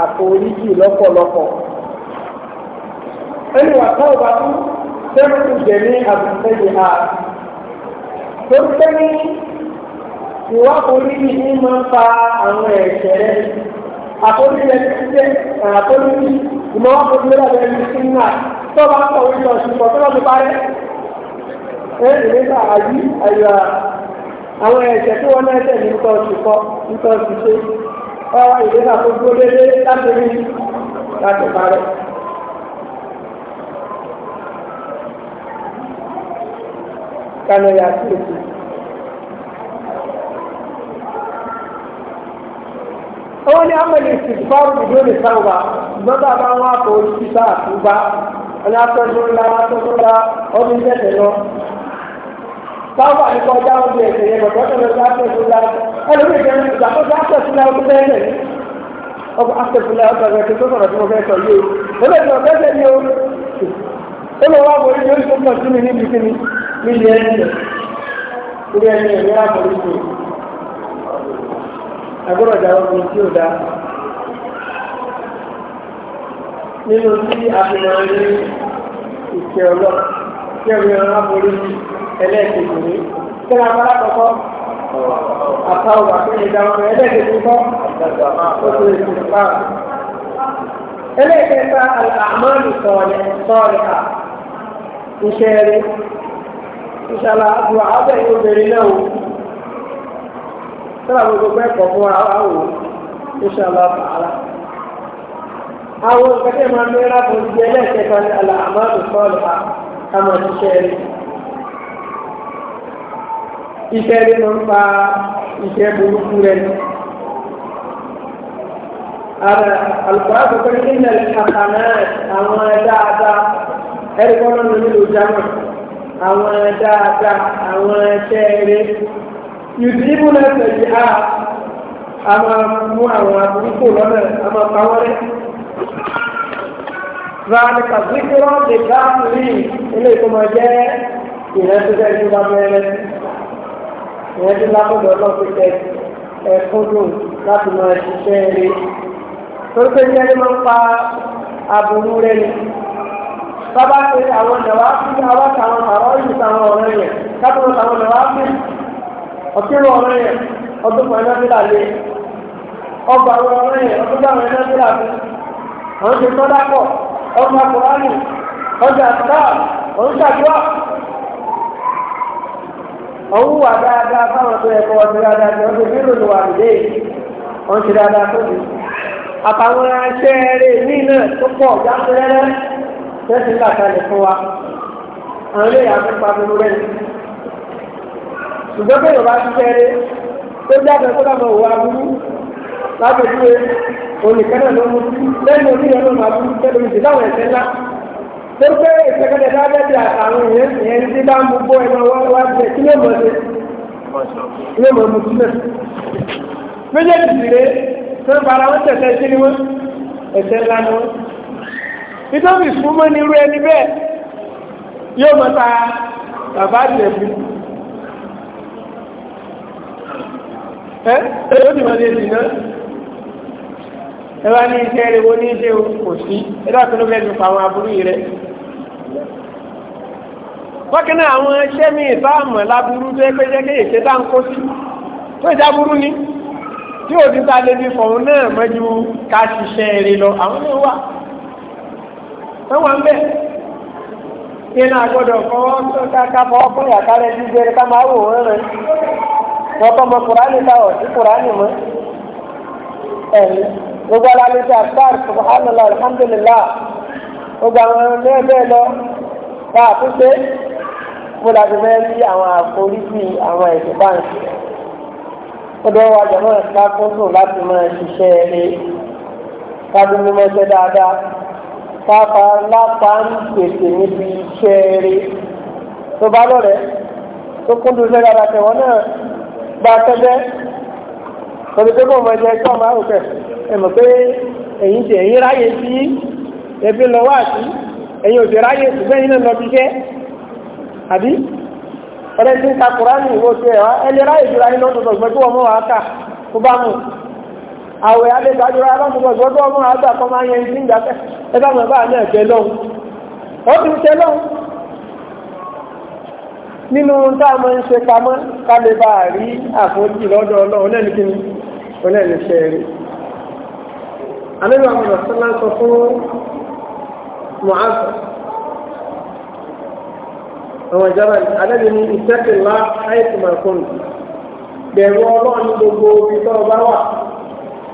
àforíjì lọ́pọ̀lọpọ̀. ẹni wà tó bá tún sẹ́kù jẹ̀ ní àbùsẹ́yìn ha tó ń tẹ́ ní ìwà àforíjì ní máa ń fa àwọn ẹ̀ṣẹ̀ rẹ àforíjì rẹ ti jẹ́ àforíjì ìmọ̀ àforíjì rẹ ti ti ń nà tọ́ba kọ̀wé lọ ṣùgbọ́n tọ́ba àwọn ẹ̀ṣẹ̀ tí wọ́n náà ní nǹkan oṣù kọ nǹkan oṣù ṣe Ọrụ ìlera tó dúró déédéé láti rí láti parẹ́. kánú ya sí èsì. àwọn ní amẹ́lì ìsìnkú ìdúró ní gbọ́dọ̀ bá wọn àpò oṣù ńlá ńlá ọdún tẹ̀sẹ̀ lọ. sábà ní kọjá oúnjẹ ẹ̀sẹ̀ yẹn bọ̀dọ̀ tẹ̀lé ọjọ́ àtẹ̀fúnlá ẹlòmíì jẹ́ ìgbàkọ́jọ́ àtẹ̀fúnlá ọdún bẹ́ẹ̀ lẹ̀ ọkọ̀ àtẹ̀fúnlá ọkọ̀ rẹ̀ tó sọ̀rọ̀ tí mo fẹ́ sọ yìí o olóòtú ọ̀fẹ́ sẹ́ ni o olówó àwòrán yóò tó pọ̀ sí mi níbi kíni níbi ẹni rẹ̀ níbi ẹni rẹ̀ ní àkọ́rí tó agbọ́dọ̀ jà ọkùnrin tí ó dáa nínú tí a fi máa ń ní ìkẹ́ ọlọ́ ẹlẹ́ẹ̀kejì ní kí ló abala kọ̀kọ́ àtàwọn àtúnyẹ̀ dáwọn ẹlẹ́ẹ̀kejì kọ́ oṣù ìsìn pa. ẹlẹ́ẹ̀kẹta àmọ́lù sọ̀rọ̀ sọ̀rọ̀ à iṣẹ́ rẹ̀ ìṣàlà àbúrò àbẹ̀ obìnrin náà wò sọ́dọ̀ gbogbo pẹ́ kọ̀ fún ara wò ìṣàlà àlà. àwọn ìpẹ́kẹ́ máa ń mẹ́ra fún ìdí ẹlẹ́ẹ̀kẹta ní àlà àmọ́lù sọ̀rọ̀ à ká máa ṣiṣẹ́ rẹ̀. iṣẹ́ rẹ̀ máa ń fa iṣẹ́ burúkú rẹ̀ ara alùpàdé pẹ̀lú nínú ìkàkànà àwọn dáadáa ẹ̀rí kọ́ lọ́nà nílò jámọ̀ àwọn dáadáa àwọn iṣẹ́ rẹ̀ yùtìbù náà tẹ̀lé a a máa mú àwọn àbúrúkú lọ́nà a máa pa wọ́n rẹ̀. ذلك ذكرى للكافرين إليكم جاء إلى سجن الله ìyẹn tí lápẹ̀lú ọlọ́run pé ẹ̀kúndùn láti máa ṣiṣẹ́ eré torí pé ní ẹni máa ń pa aburú rẹ ni bábá pé àwọn ìdáwà fún àwọn àtàwọn àwọn ìlú táwọn ọ̀rẹ́ yẹn káàkiri táwọn fún yẹn ọdún fílà lé ọgbà yẹn ọdún fílà lé òun wà dáadáa fáwọn tó yẹ kó ọdún dáadáa tó ọdún bí lòlù wà lóde wọn ti dáadáa tó di àtàwọn aṣẹ́ rẹ̀ ní náà tó pọ̀ jáfẹ́rẹ́rẹ́ tẹ́sí ń fún wa àwọn ilé ìyá fún yorùbá ti tó jáde dàbọ̀ ló mú lẹ́yìn ló máa bú pépé ìsèkèdè dábẹ́ ti àtàwọn èèyàn èèyàn ti bá ń mú bó ẹ̀rọ wá wá bẹ̀ kí ló mọ̀ ṣe kí ló mọ̀ mú sílẹ̀. méjèèjì sì rèé tó ń fara wọn tẹ̀sẹ̀ sí ni wọn ẹ̀sẹ̀ ńlá ni wọn. ìtọ́bi ìfúnmọ́ ni irú ẹni bẹ́ẹ̀ yóò mọ ta bàbá àtẹ̀bí. ẹ ẹ yóò dì mọ́ ní èsì náà. ẹ bá ní iṣẹ́ rẹ̀ wọ́n ní iṣẹ́ kò sí ẹ ló fẹ́ fi pa aburú yìí rẹ̀. bákan àwọn iṣẹ́ mi ìfáàmù láburú tó jẹ́ ni tí òbí ta lè fi fọ̀hún náà mọ́jú ká ṣiṣẹ́ rẹ̀ lọ àwọn náà wà wọ́n ń bẹ̀ fọwọ́ ká fọwọ́ fún ìyàkálẹ̀ gbogbo alalẹ́ ti akpar subhanallah alhamdulillah gbogbo àwọn ọmọ ẹ bẹ́ẹ̀ lọ bá a tún ṣe mo làbí mẹ́rin sí àwọn àforíjì àwọn ẹ̀sìn báńkì ó dọ́wọ́ wa jọ̀mọ́ ẹ̀ka kóńtò láti máa ṣiṣẹ́ eré kábí mímọ́ ṣe dáadáa káfa lápá ń pèsè níbi iṣẹ́ eré tó bá lọ́rẹ̀ẹ́ tó kúndùn ṣe dáadáa tẹ̀wọ́n náà kọ́ni pé kò mọ nke ẹ̀kọ́ ọmọ àwòkẹ́ ẹ mọ̀ pé ẹ̀yin ti ẹ̀yin ráyè sí ẹbí lọ wá sí ẹ̀yin ò ti ráyè sí bẹ́ẹ̀ nínú ọbí jẹ́ àbí ọ̀rẹ́ ti ń ka kùránì ẹni ráyè kà bá mú àwẹ̀ nínú tá a máa ń ṣe pamọ́ ká lè bá a rí àforíjì lọ́dọ̀ ọlọ́run náà ní kí ni ọlọ́run ní ṣe rí àlejò àwọn ọ̀sánlá sọ fún mọ̀ásọ̀ àwọn ìjọba àlejò ní ìtẹ́kìlá àìsàn màkúrù bẹ̀rù ọlọ́run gbogbo ibi tó bá wà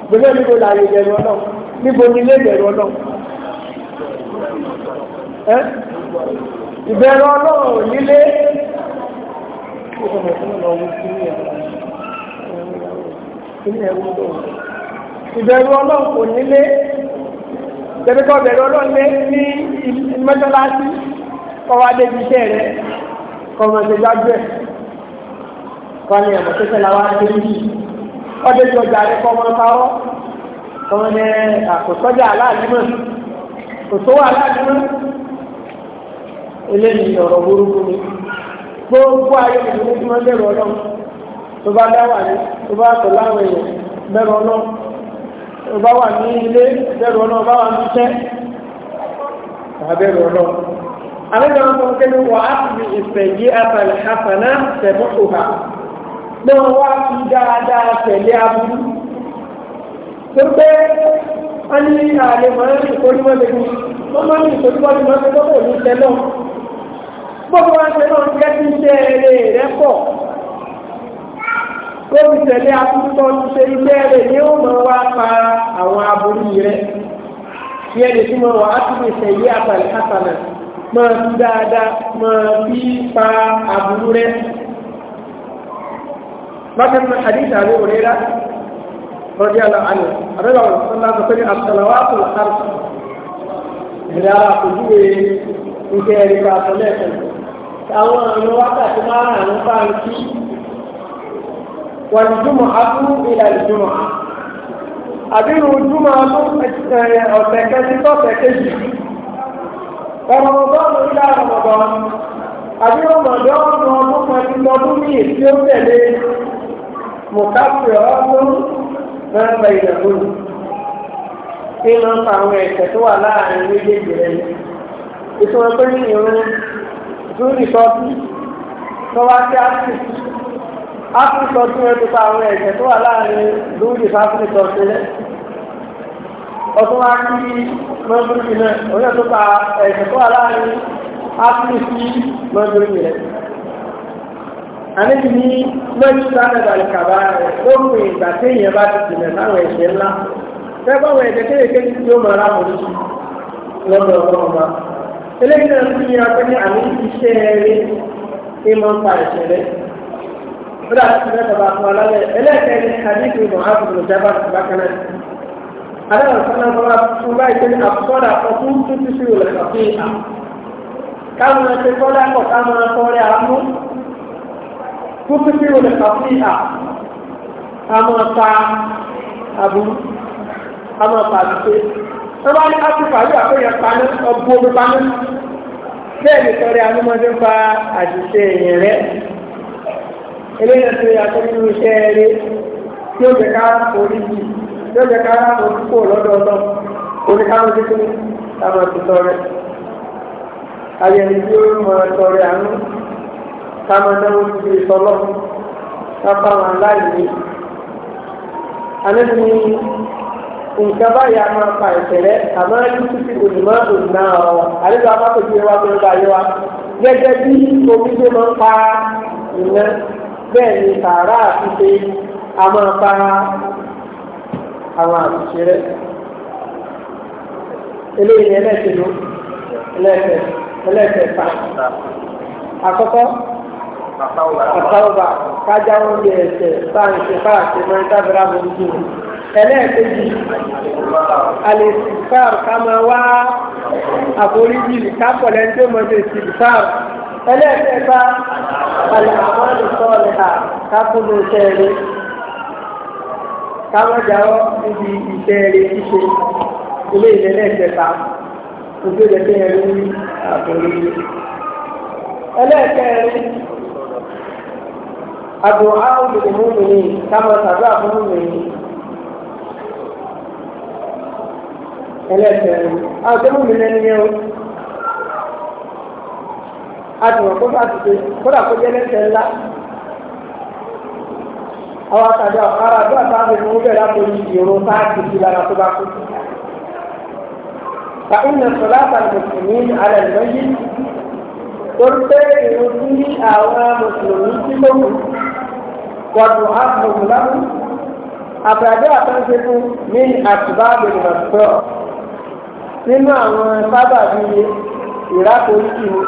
gbogbo ọlọ́run ìbẹ̀rù ọlọ́run nílé ìbẹ̀rù ọlọ́run kò nílé tẹ́lẹ́kọ́ ìbẹ̀rù ọlọ́run lé ní mọ́ṣáláṣí kọwa débi iṣẹ́ rẹ̀ kọmọdé gbágbẹ́ kọ́ni ẹ̀mọ̀ tó tẹ́lá wá dé yìí ọdẹ tí ọjà rẹ̀ kọ́ máa parọ́ kọ́ni àkòsọ́jà aláàlímọ̀ kòsówó aláàlímọ̀ eléyìí ọ̀rọ̀ burúkú ni gbogbo ayé ìlú tí wọ́n bẹ̀rù ọlọ́run tó bá dá wà ní tó bá tọ̀ láwọn èèyàn bẹ̀rù ọlọ́run tó bá wà ní ilé bẹ̀rù ọlọ́run bá wà ní iṣẹ́ bẹ̀rù ọlọ́run. àwọn ìjọba tó ń kéde wà á fi ìfẹ̀ yí àtàlẹ̀ àfàná tẹ̀mọ́ òhà náà wá fi dáadáa tẹ̀lé aburú. tó pé wọ́n ní àlè màá ń rìn kórìmọ́lẹ́kùn bọ́ọ̀bù wa ṣe náà jẹ́ kí iṣẹ́ eré rẹ pọ̀ tó tẹ̀lé akúntọ́ ṣe iṣẹ́ rẹ ní ó mọ̀ pa àwọn aburú rẹ kí ẹni tí mo wà á ti lè tẹ̀lé àtàlẹ́ àtàlẹ́ máa fi dáadáa máa fi pa aburú rẹ. bákan náà àdìsí àbí òrera rọ́dí àlọ́ àlọ́ àbẹ́lẹ́ ọ̀rọ̀ sọ́lá sọ pé àtàlẹ́wà kò lọ́kàrọ̀ ìdára kò júwe nke ẹ̀rí pa àtàlẹ́ ẹ̀kọ́. àwọn ọ̀rọ̀ wákàtí márùn-ún bá ń kí wàlùjúmọ̀ akúrú ìlà ìjùmọ̀ àbírù júmọ̀ ọ̀sẹ̀ kẹsí tọ́sẹ̀ kejì ọmọdọ́nù ìlà ọmọdọ́ àbírù ọdún kan ti ní èsì ó tẹ̀lé ọdún kí ló ń fa àwọn tó wà méjèèjì rẹ̀ ìtumọ̀ pé ní ìrún lórí ìtọ́jú tó wá sí áfíríkì áfíríkì tọ́jú ẹ̀ tó pa àwọn ẹ̀jẹ̀ tó wà láàrin lórí ìfáfíríkì tọ́jú rẹ̀ ọtún wá kí mọ́bírìkì náà òun yóò tó pa ẹ̀jẹ̀ tó wà láàrin áfíríkì mọ́bírìkì rẹ̀ àníbi ní lórí sánẹ̀dà ìkàbá rẹ̀ lópin ìgbà téèyàn bá ti jìnà sáwọn ẹ̀jẹ̀ ńlá fẹ́ báwọn ẹ̀jẹ̀ kéèké tí ó mọ̀ eléyìí náà fi yà pé ní àmì iṣẹ́ rẹ̀ ní máa ń pa ìṣẹ̀lẹ̀ ó dà sí mẹ́ta bá fún alálẹ̀ ẹlẹ́ẹ̀kẹ́ ní àdínkù ìmọ̀ àbùkù jábà bákan náà adáwọ̀ sọ́nà bọ́lá fún báyìí pé ní àkọ́dà ọkùn tó ti sí ìwòlẹ̀ kàfí ìhà káwọn ẹgbẹ́ kọ́dà kọ̀ káwọn akọ́rẹ́ àmú tó ti sí ìwòlẹ̀ kàfí ìhà àmọ́ ta àbú àmọ́ ta àbúté wọ́n bá ní áfíríkà yóò àpéyàn paná ọgbọ́n omi paná bẹ́ẹ̀ ni sọ̀rọ̀ anúmọ́dé ń fa àṣìṣe èèyàn rẹ̀ eléyàn tó yà tó nínú iṣẹ́ eré tí ó jẹ́ ká orí yìí tí ó jẹ́ ká orí kò lọ́dọọdọ́ orí káwọn tó kéde táwọn ti sọ̀rọ̀ ayẹyẹ tí ó mọ sọ̀rọ̀ àánú táwọn náwó ti fi sọlọ́ káfáwọn aláìní nǹkan báyìí a máa fa ìṣẹ̀lẹ̀ àmọ́ yíṣu ti kò ní máa dùn náà ọ̀ àlejò amákojú wa tó ń ba yé wa gẹ́gẹ́ bí omi tó máa ń pa iná bẹ́ẹ̀ ni sàárà àtúnṣe a máa fa àwọn àtúnṣe rẹ̀ eléyìí ni ẹlẹ́ẹ̀kẹ́ ló ẹlẹ́ẹ̀kẹ́ ẹlẹ́ẹ̀kẹ́ fa àkọ́kọ́ àtàwùbà kájá oúnjẹ ẹ̀sẹ̀ sáǹsì fáàsì máa ń dábìrà mọ́ ní jùlọ. ẹlẹ́ẹ̀kejì alẹ́sìfáàr ká máa wá àforíjì kápọ̀lẹ́ ń tẹ́ mọ́tò ìsìfáàr. ẹlẹ́ẹ̀kẹta alẹ́ àwọn hà kápọ̀lù sẹ́ẹ̀rẹ́ káwọ́jáwọ́ níbi ìsẹ́ẹ̀rẹ́ ṣíṣe ilé ìlẹ́lẹ́ẹ̀kẹta ojú ìdẹ́kẹ́rin àforíjì. ẹlẹ́ẹ̀kẹrin الدعاء للمؤمنين كما تدعى المؤمنين ẹlẹ́sẹ̀rin àtẹ́mù mi lẹ́nu yẹn o àtìmọ̀ kó bá ti ṣe kódà kó jẹ́ lẹ́sẹ̀ ńlá àwọn àtàjọ àkàrà àjọ àtàwọn ìmú bẹ̀rẹ̀ àpòlì ìrò sáàkì sí lára tó bá kú. فإن صلاة المسلمين على الميت torí pé ìlú tí àwọn mùsùlùmí tí ló kù wọ́dù áàbùn lámú àbàdé àtúnṣe fún ní àtúbá àbẹ̀rẹ̀ sọ nínú àwọn sábà bíi ìrákò oríṣi ni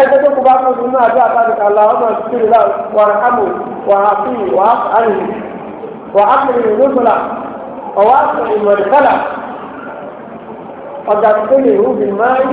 ẹgbẹ́ tó kú bá fún nínú àdó àbáríkà làwọn máa ń tìrì láà wàrà ámù wàhà fi wàhà àrùn wàhà kiri rúgbìlà ọ̀wá sọ ìmọ̀lẹ́kálà ọ̀gá tó lè rúbì máa ń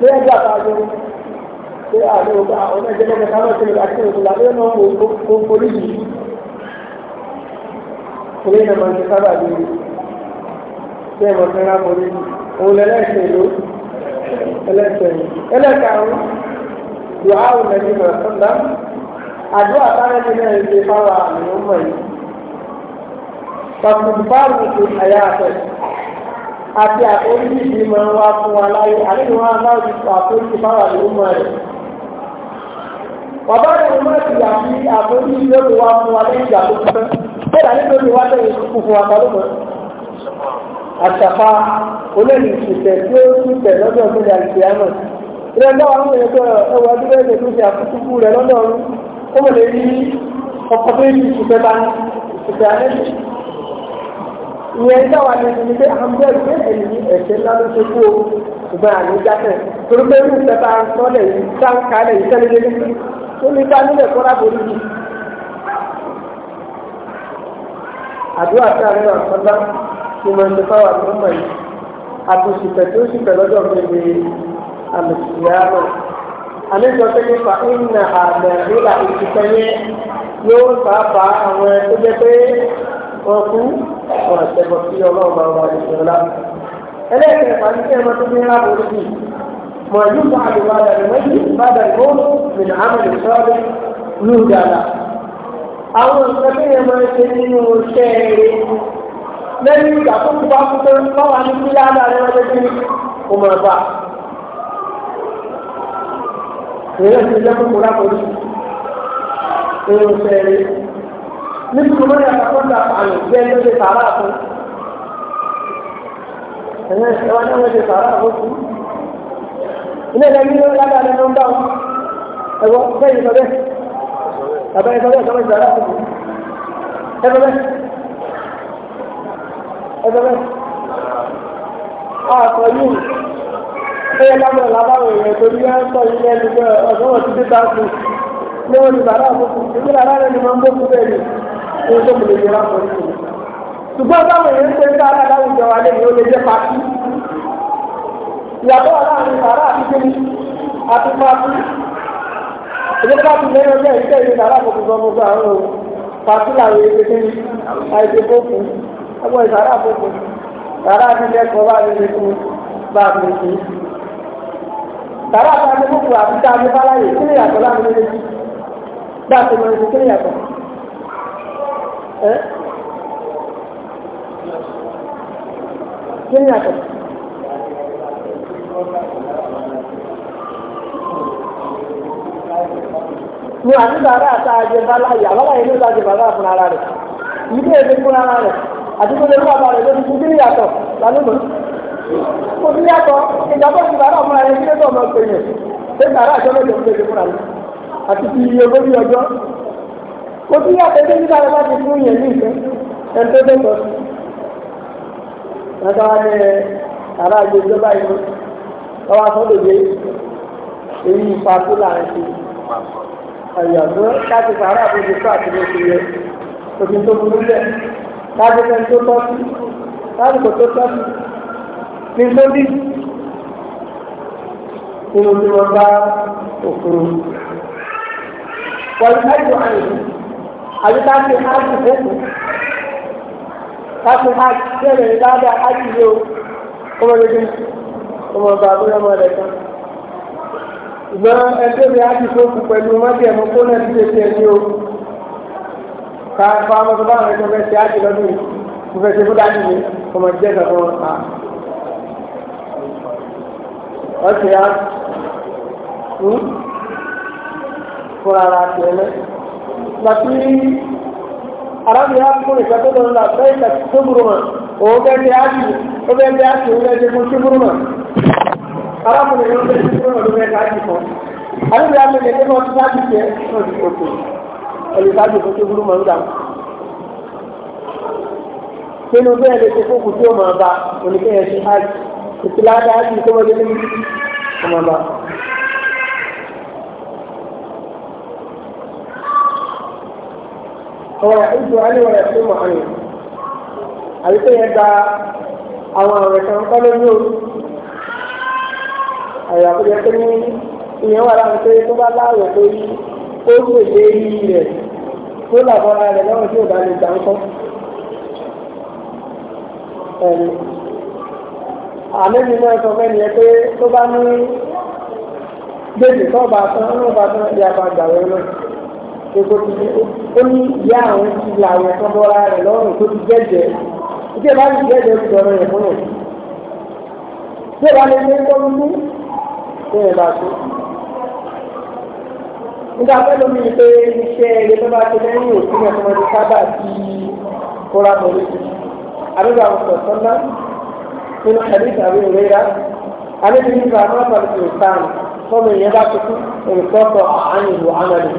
ṣé ẹgbẹ́ àtàjọ ṣé àlọ́ ọgbà ọ̀nà ìjẹ́lẹ̀ mẹ́ta náà ṣẹlẹ̀ àti ìrìnkú làbẹ́ náà kò forí yìí ilé náà máa ń sábà bí bẹ́ẹ̀ mọ̀ fẹ́ràn forí òun lẹ́lẹ́sẹ̀ ló ẹlẹ́sẹ̀ ẹlẹ́sẹ̀ àwọn dùá òun lẹ́ni mọ̀ sọ́dá àdúrà táwọn ẹni náà ń ṣe fáwọn àmì ọmọ yìí. Fàkùnfà wùtù àyà àtẹ̀sí. àti àforíjì tí máa ń wá fún wa láyé àlejò wa láti fọ àforíjì fáwà rẹ̀. bàbá rẹ̀ má ti àfi àforíjì tí ó wá fún wa lẹ́yìn ìgbà tó pẹ́ bẹ́ẹ̀ ni tó ti wá kúkú fún wa àṣàfà olóyìn tí ó ti tẹ̀ lọ́dọ̀ àìsí àmọ̀. ń bá wa ń wọlé pé ẹwà ìyẹn dáwà ní ẹni pé à ń bẹ̀rù pé ẹ̀yìn ẹ̀ṣẹ̀ ńlá ló ṣe kú o ṣùgbọ́n àní jáfẹ́ torí pé irú ìfẹ́ bá ń sọ́lẹ̀ yìí tá ń kalẹ̀ yìí tẹ́lẹ̀ lé ní ó ní ká nílẹ̀ kọ́ra borí yìí. àdúrà tí a ní àkọ́dá ti mọ ẹni fáwọn àtúmọ̀ yìí àtúnṣìpẹ̀ tó ṣìpẹ̀ lọ́dọ̀ mi ni àmì ìlà wọn kú wọn àtẹ̀bọ̀ sí ọlọ́ọ̀bà ọba ìṣẹ̀lá. ẹlẹ́ẹ̀kẹfà ní kẹ́ẹ̀mọ́ tó ní ráàbù orí mọ̀ ní báàlù bàdà ìmọ̀jì bàdà ìmọ̀lù mìnà àmàlì sọ́ọ́dẹ̀ ní ìdàlà. àwọn nǹkan tó yẹ máa ń ṣe nínú iṣẹ́ rẹ̀ lẹ́yìn ìgbà tó kú bá kú tó ń bá wà ní kí ládà rẹ̀ wọ́n tẹ́tí ó máa bà. èèyàn ti lẹ́kọ̀ọ́ kó nítorí wọn yà kọ́ da àyàn bí ẹni ṣe sàrà fún ẹ̀yẹ ẹwà ní wọn ṣe sàrà fún sí ilé ẹ̀yẹ yìí ló ń yára lẹ́nu ń bá wọn ẹ̀wọ̀ bẹ́ẹ̀ sọ bẹ́ẹ̀ àbẹ́ ẹ̀ sọ bẹ́ẹ̀ sọ bẹ́ẹ̀ sàrà fún ẹ̀ sọ bẹ́ẹ̀ ẹ̀ sọ bẹ́ẹ̀ àtọ̀ yìí ẹ̀yẹ kámẹ́rà làbáwọ̀ èèyàn torí ẹ̀ sọ ilé ẹni bẹ́ẹ̀ ọ̀sán wọn ti dé bá fún ní wọn ti sàrà fún rẹ̀ ni máa ń bó fún bẹ́ẹ̀ ohun tó kò lè yẹra pọ̀ nínú. ṣùgbọ́n táwọn èèyàn ń ṣe ń dára láwùjọ wa lè ní ó lè jẹ́ pàtí. ìyàtọ̀ wà láàrin sàrà àti kéwì àti pàtí. ìdílé pàtí lẹ́yìn ọjọ́ ìṣe ìṣe sàrà kò tuntun ọmọ gbà ọ̀rọ̀ pàtí làwọn èèyàn ṣe ní àìṣe fófin ọgbọ́n ìsàrà fófin sàrà àti lẹ́kọ̀ọ́ bá mi lè fún bá mi lè fún. sàrà àti àti àti tá a kí ni ìyàtọ̀ láàrin lè ẹ́ kí àti bàbá àtàjẹ bàbá yà bàbá yìí ló dájẹ bàbá fún ara rẹ̀ ìdí èdè fún ara rẹ̀ àti kó lè fún bàbá rẹ̀ lórí fún kíni yàtọ̀ lálùmọ́ kò sí yàtọ̀ ìjàpọ̀ ti bàbá fún ara rẹ̀ kí ló tọ̀ ọmọ pè yẹn ṣé bàbá àjọ lóde fún èdè fún ara rẹ̀ àti ti iye olórí ọjọ́ kò tún yàtọ̀ ẹgbẹ́ nígbà tó bá ti fún yẹn ní ìfẹ́ ẹgbẹ́ tó tọ̀ sí. Nàìjíríà ní ará eh, ìgbé ìjọba ìlú lọ́wọ́ asọ́dọ̀dé èyí ipa tó láàrin sí. Àyàwó láti sàárà tó ti tó àti lóṣù yẹ òfin tó burú bẹ́ẹ̀ láti fẹ́ tó tọ́ sí láti kò tó tọ́ sí ní sódì nínú tí wọ́n bá òfurufú. Wọ́n ti ṣáàjú àyè àbí ká ṣe ájì fóònù ká ṣe ájì tí ẹ̀rọ ìdá dá ájì yóò ọmọ gidi ọmọ ọba ọmọ rẹ̀ kan ìgbọ́n ẹgbẹ́ mi ájì fóònù pẹ̀lú májèmú kó náà ti ṣe ẹni o ká fa ọmọ tó rẹ̀ fẹ́ ṣe ájì lọ́dún yìí fẹ́ ṣe fún dájú mi ọmọ jẹ́ kankan ọ̀tá ọ̀tí á fún ara tiẹ̀ lẹ́yìn láti arábìnrin àkókò ìṣàkóso lọ́nà láti ẹ̀ka ṣubúrúmọ̀ òun kẹ́kẹ́ áṣì ó kẹ́kẹ́ áṣì òun kẹ́kẹ́ fún ṣubúrúmọ̀ arábìnrin ló ń bẹ ṣubúrúmọ̀ ló kẹ́kẹ́ áṣì kan arábìnrin àmì kẹ́kẹ́ mọ́ ti sáàbì jẹ́ ọ̀dì òkú ẹ̀lẹ́ sáàbì fún ṣubúrúmọ̀ ń dà nínú bẹ́ẹ̀ lè ṣe fún kùtù ọmọ ọba oníkẹ́yẹ ṣe áṣì ìtìlá ọ̀rọ̀ ìjọ aléwọ̀n ẹ̀sìn mọ̀ àmì àyíké yẹn gba àwọn àwẹ̀ kan kọ́ o àyà kó yẹ pé ní ìyẹn wà láwọn pé tó bá láwẹ̀ tó yí ó lè dé yí rẹ̀ tó làbọ̀ ara rẹ̀ lọ́wọ́ tí bá lè àmì mi náà sọ pé tó bá ní bébì tó bá tán bá tán bá gbà náà. gbogbo ti ní ó ní ìyá àwọn ti là àwọn kan bọ́ra rẹ̀ lọ́rùn tó ti jẹ́jẹ́ ìdí ìbá ti jẹ́jẹ́ ti dọ̀rọ̀ rẹ̀ múlẹ̀ bí ìbá lè ṣe kọ́ nínú ṣé ẹ̀ bá tó. nígbà pẹ́ lómi ni pé iṣẹ́ eré tó bá ti lẹ́yìn òkú náà tó máa ti sábà ti kóra pẹ̀lú ti àbíkú àwọn sọ̀tọ́ náà nínú ẹ̀dínkà àwọn ìrẹ́ra àbíkú nípa àwọn àpàlùkù ìtàn fọ́ọ̀mù ìyẹn bá tuntun ìrìkọ́tọ̀ àánìlú àmàlù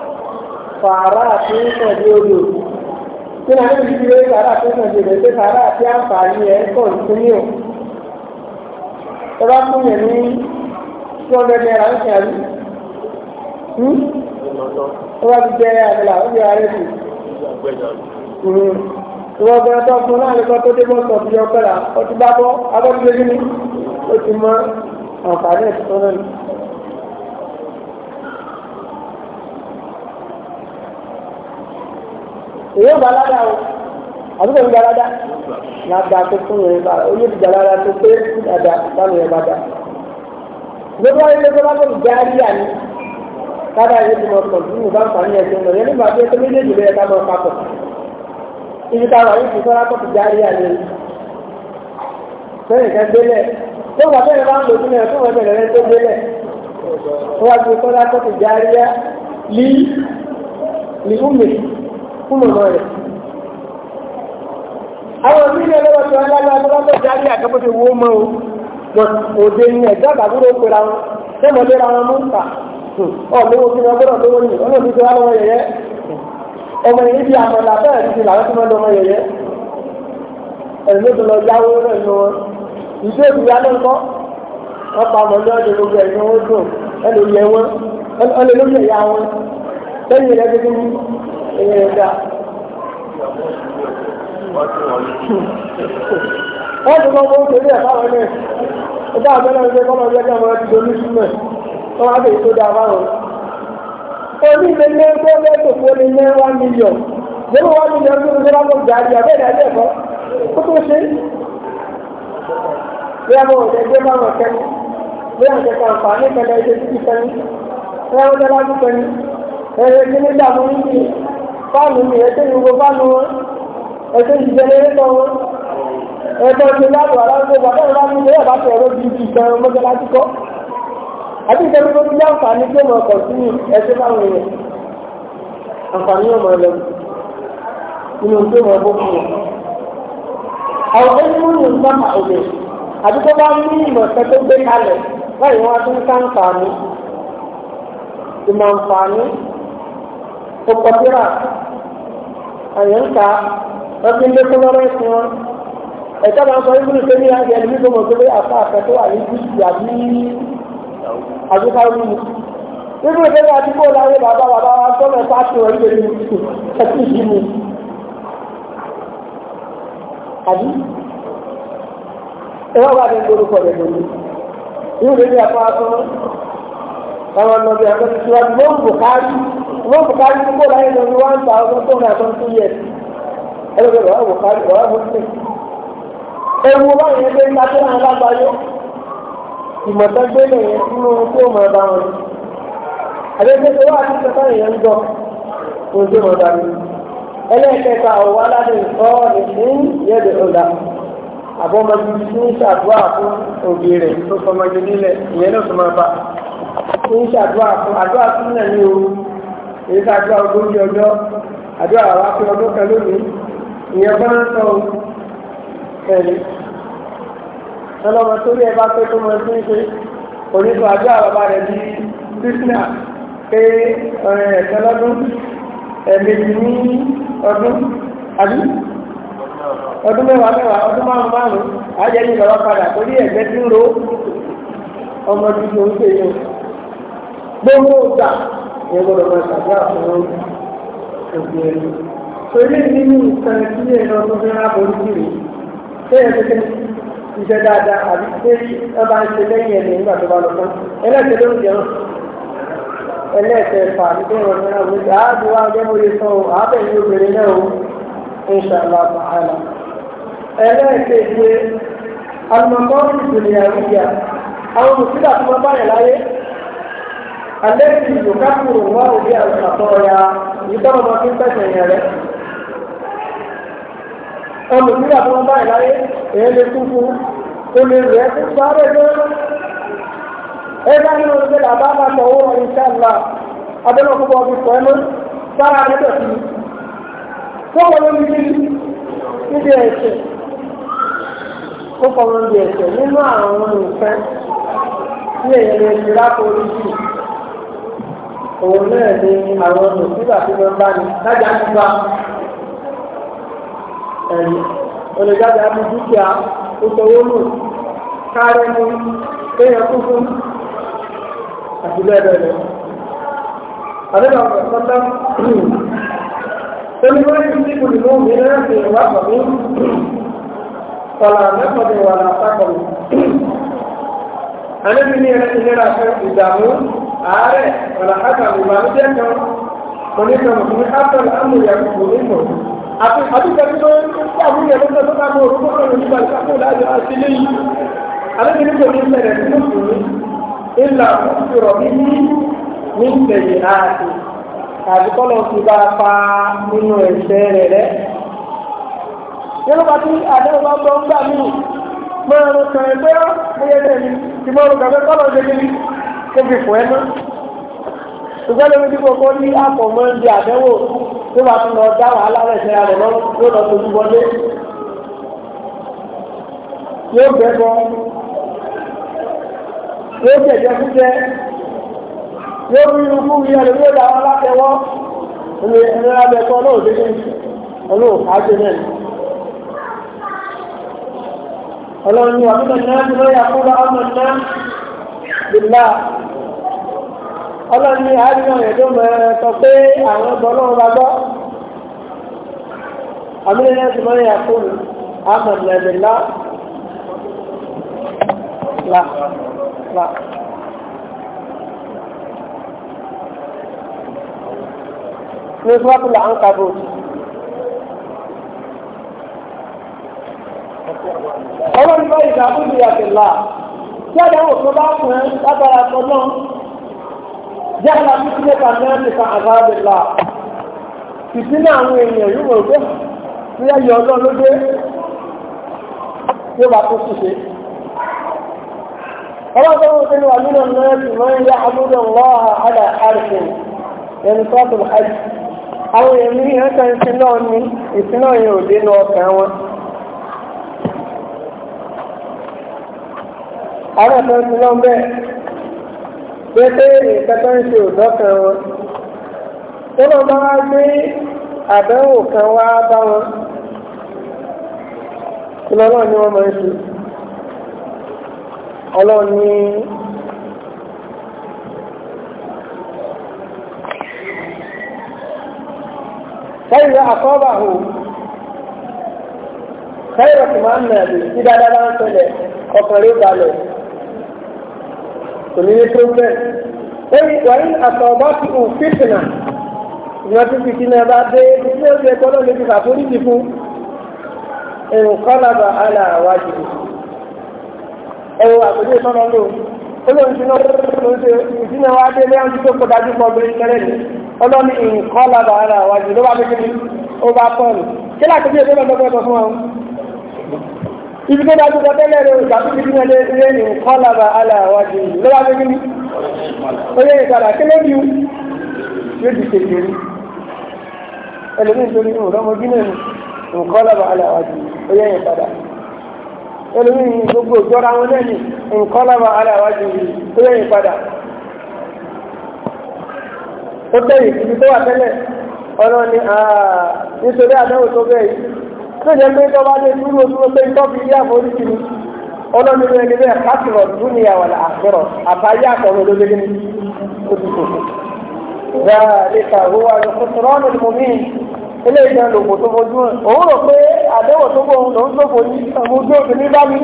fàárà tí ń sàn ní odò tí náà níbi ìdílé fàárà tí ń sàn ní odò pé fàárà tí àǹfààní ẹ̀ kàn fún yìí o ẹ bá fún yẹn ní two hundred naira ń sàn ní ó hmm? bá ti jẹ àgbàlá ó yẹ ara ètò ìwọ ọgbẹ́ tó fún náà lẹ́kọ́ tó dé bọ́sọ̀ bí ọpẹ́ rà ọtí bá bọ́ agbọ́dúnlé nínú ó ti mọ àǹfààní ẹ̀ tuntun náà èyí gba aládá o àbúkò ń gba aládá láda tó fún yẹn bá olódìjà aládá tó pé dada báwo yẹn bá da gbogbo ayé tó bá gbọdọ̀ já rí àní kára yẹn ti mọ pọ̀jù ní bá fàánì ẹ̀jẹ̀ mọ̀ yẹn nígbà tó méjèèjì lóye ká máa papọ̀ ibi ká wà yìí sọ́ra tó ti já rí sẹ́yìn kan délẹ̀ tó wà sẹ́yìn bá ń lò sínú ẹ̀ tó wà sẹ́yìn rẹ̀ tó tó wà ju sọ́ra tó ti já rí fún mọ̀mọ́ rẹ̀. àwọn ìbílẹ̀ lọ́wọ́ tí wọ́n lágbára tó bá fẹ́ darí àkẹ́kọ̀ọ́ ti wó mọ́ o wọ́n òde ní ẹ̀dá àbúrò pera wọn sẹ́mọ̀lé ra wọn mú ta ọ̀lọ́wọ́ kí wọ́n gbọ́dọ̀ lówó yìí ọlọ́run ti wá lọ́wọ́ yẹ̀yẹ́ ọmọ yìí di àmọ̀lá bẹ́ẹ̀ ti làwọn tó máa lọ́mọ yẹ̀yẹ́ ẹ̀mí tó lọ yáwó rẹ̀ nù wọn ìdí èkó ya ló ń kọ́ wọ́n pa ọmọ náà lè gbogbo ẹ̀yìn wọn dùn ẹlò yẹ wọn ẹlò ló yẹ ya wọn lẹ́yìn rẹ̀ gbogbo ẹ̀yẹ ẹ̀dá. wọ́n ti mọ fún kéde ẹ̀ka wọn náà ẹ̀dá àbẹ́lẹ̀ ẹ̀dá kọ́nà ọ̀dọ́ ẹ̀dá ti dolú sílẹ̀ wọ́n á bèèrè tó dáa báwọn. orí ilé ní ẹgbẹ́ bẹ́ẹ̀ tó fún ní ní one million lórí one million tó ń gbọ́dọ̀ gbà á di abẹ́ ìdájọ́ ẹ̀kọ́ ó tó ṣe bí a bọ̀ ọ̀dẹ́gbẹ́ bá wọn kẹ́ni bí a kẹ́kọ̀ọ́ àǹfààní kẹ́ni ẹ̀ ẹ̀yẹ kí ní dààmú yín fáànù mi ẹsẹ̀ ní gbogbo fáànù wọn ẹsẹ̀ ní jẹnẹrétọ̀ wọn ẹ̀tọ́ ti láàbù aláwọ̀ bàbá ìlú àti ìlú ẹ̀bá tẹ̀rọ di ibi ìkan mọ́sálásí kọ́ àti ìjọba tó ti láǹfààní tó mọ̀ ọkọ sí ẹsẹ̀ àǹfààní ọmọ inú tó fún wọn. àwọn ẹni mú ní nǹkan mà òde bá ní ìmọ̀ gbé kalẹ̀ báyìí wọ́n á tún ó kọ síra àyẹ̀ ń ka wọ́n fi ń lé kólọ́rọ́ ẹ̀sìn wọn ẹ̀ka máa ń sọ ibùdó sẹ́ni àti ẹni nígbà mọ̀ pé àfa àkẹ́tọ́ wà ní gúúsù vai àgbékáwé mu ibùdó sẹ́ni àti bóòlù ayé bàbá bàbá wa sọ́nà ẹ̀ka àti wọ́n ìgbè ní ẹ̀sìn yìí mu àbí ẹ̀rọ bá dé gbóró kọ̀ rẹ̀ lónìí ibùdó sẹ́ni àfa àtọ́ ẹ̀rọ lọ́bí àtọ́ ti tiwájú lóhùn bùkárì wọ́n kò kárí kókó láyé lọ ní one thousand two hundred and two years ẹlẹ́gbẹ̀rẹ̀ wọ́n kò kárí ọ̀rọ̀ mú sí. ewu báyìí ṣe ń tajú àwọn alágbáyé ìmọ̀tẹ́gbẹ́ lẹ́yìn nínú tí ó mọ̀ ẹ̀bá wọn. àdéhùn wà ní sẹ́fà èèyàn ń gbọ́ kó dé wọn dání. ẹlẹ́ẹ̀kẹta ọ̀wọ́ aládé ìfọ́ọ̀lì ní yẹ́dẹ̀ ọ̀dà àbọ̀mọdé ní èyí tá a gba ogójì ọjọ́ àdúrà wa fi ọdún kan lónìí ìyẹn bá ń sọ ẹ̀rí ọlọ́mọ torí ẹ pé tó mọ sí ṣe àdúrà bàbá rẹ̀ krishna pé ọ̀rẹ́ ẹ̀sẹ̀ lọ́dún ẹ̀mejì ní ọdún àbí ọdún mẹ́wàá mẹ́wàá ọdún márùn márùn ìyẹn gbọ́dọ̀ máa ṣàdúrà fún òbí ẹni. torí nínú nǹkan ìdílé náà tó fẹ́ rábọ̀ oríṣiríṣi bẹ́ẹ̀ tẹ́tẹ́ iṣẹ́ dáadáa àbí pé wọ́n bá ń ṣe lẹ́yìn ẹ̀mí nígbà tó bá lọ fún ẹlẹ́sẹ̀ ló ń jẹun ẹlẹ́sẹ̀ fà ní pé wọ́n fẹ́ràn wọ́n ṣe àádọ́ wa jẹ́ mo lè sọ ọ́ àbẹ̀ ní obìnrin náà ó ń ṣàlọ́ àbàhálà ẹlẹ́sẹ̀ pé alùpàpọ̀ àwọn mùsùlùmí àti التي يكفر الله بها الخطايا يتم ما في التشهير olùdíjà i òun náà ni àwọn mùsùlùmí àti mẹ́mbà ni lájà ń gba ẹ̀yìn olùjáde àti dúkìá ó sọwọ́ nù káàrẹ́ ní kéèyàn kún fún àti bẹ́ẹ̀ bẹ́ẹ̀ lọ. àdébà ọ̀sán pátá olùwọ́n ti ti kùn ìlú mi láti ìwà pàmí ọ̀là mẹ́kọ̀ọ́dẹ̀ wà látàkọ̀ọ́. àdébì ní ẹ̀rẹ́ ìlera fẹ́ ìdààmú ààrẹ ọ̀làkàtà ìbànújẹ́ kan oníkan mùsùlùmí ápẹ́lú amúyẹ kò ní mọ̀. àti àtúntẹ̀tí ló ń kí àmúyẹ ló tẹ́ tó bá mọ̀ orúkọ náà nígbà tí káfíń láàjọ àti ilé yìí. alẹ́bí ní kò ní bẹ̀rẹ̀ sí mùsùlùmí ìlà ìrọ̀ mi ní ní ìtẹ̀yẹ àti àdìkọ́lọ̀ ti bá a pa nínú ẹ̀ṣẹ̀ rẹ̀ rẹ̀. nínú bá tí àdéhùn bá gbọ́ ń gbà mí mọ́ ẹ̀rọ kan ẹgbẹ́ kébi fún ẹ mọ́ ṣùgbọ́n lórí bí kókó ní àpò mọ́ ń di àdẹ́wò tó bá tún lọ dá wàhálà rẹ̀ ṣe àrẹ̀ lọ́wọ́ yóò lọ tójú wọlé yóò bẹ́ bọ́ yóò jẹ̀jẹ̀ fúnjẹ́ yóò rí irú fún yẹn lórí ọ̀dà wọn látẹ̀wọ́ ilé ẹ̀rọ abẹ́kọ́ olóòdé ní olóòfà ṣe náà ọlọ́run ni wàhálà náà ti lọ́yà fún ọmọ náà bìlá ọlọ́run ní àárín ọ̀rẹ́ tó mọ ẹ sọ pé àwọn ọgbọ́n náà bá gbọ́ àmì ní ẹ̀sìn mọ́rin àkóhùn àmọ̀nà bìlá là là. ní sọ́kù ń kàbọ̀. ọlọ́run bá ìdààmú ìyàtọ̀ là. jáde àwọn kan bá kàn án lágbára kan náà jáde àti sílẹ̀ kan náà nìkan àgbàdo là títí náà àwọn èèyàn yóò mọ̀ pé ní ẹ̀yọ̀ ló bá tó ṣiṣẹ́. wọn náà ń yá àrùkù ẹni tó àwọn èèyàn àwọn ẹ̀fọ́ ti lọ bẹ́ẹ̀ pé pé nǹkan tó ń ṣe òdọ́ kan wọn tó lọ bá wá gbé àbẹ̀wò kan wá bá wọn kí lọ́lọ́ ni wọ́n máa ń ṣe ọlọ́run ní kẹ́yìn àkọ́bàhù kẹ́yìn ọ̀tùmọ̀ àmì ẹ̀bì tí dáadáa ń ṣẹlẹ̀ ọkùnrin balẹ̀. kò ní ní problem wàyí àtọ̀ọ̀bá ti hù fìtìnà ìwọ́n ti fi kíni ẹ̀bá dé ní oṣù ẹ̀kọ́ náà lè fi fàforíjì fún ìrùkọ́lábà aláwájú ẹ̀wọ̀ àpèjì ìtọ́nà lò olóhùn tí wọ́n ṣe ìdílé wa dé lé àwọn tó kọjá jù pọ̀bìrì mẹ́rẹ̀ ni ọlọ́ni ìrùkọ́lábà aláwájú ló bá fi kíni ó bá pọ̀ nù kí láti bí ẹgbẹ́ tó fún wọn. ibi tó dájú kọ tẹ́lẹ̀ rẹ̀ ìgbà tó ti dúró lé ní kọ́lába aláwájú ló wá lórí ní oyè ìpadà kílé bí yóò di kéde rí ẹlòmíì tó ní ìwòrán ọmọ ala ní kọ́lába aláwájú oyè ìpadà ẹlòmíì gbogbo ìjọra wọn náà ní kọ́lába aláwájú oyè ìpadà ó tẹ̀yìn ibi tó wà tẹ́lẹ̀ ọlọ́ni nítorí àdáwò tó bẹ́ẹ̀ tó jẹ́ pé tọ́ba lè dúró dúró pé tọ́bi ilé àforíjì ni ọlọ́mọdé ẹni bẹ́ẹ̀ kásìrọ̀ dúnìyà wà láàkúrọ̀ àtàyé àkọ́rọ̀ ló dégé ní oṣù kòkó. ذلك هو الخسران المبين ilé ìjọ lòpò tó fojú rẹ̀ òun rò pé àdéhùn tó bọ̀ òun lòún tó fojú àwọn ojú òfin ní bá mi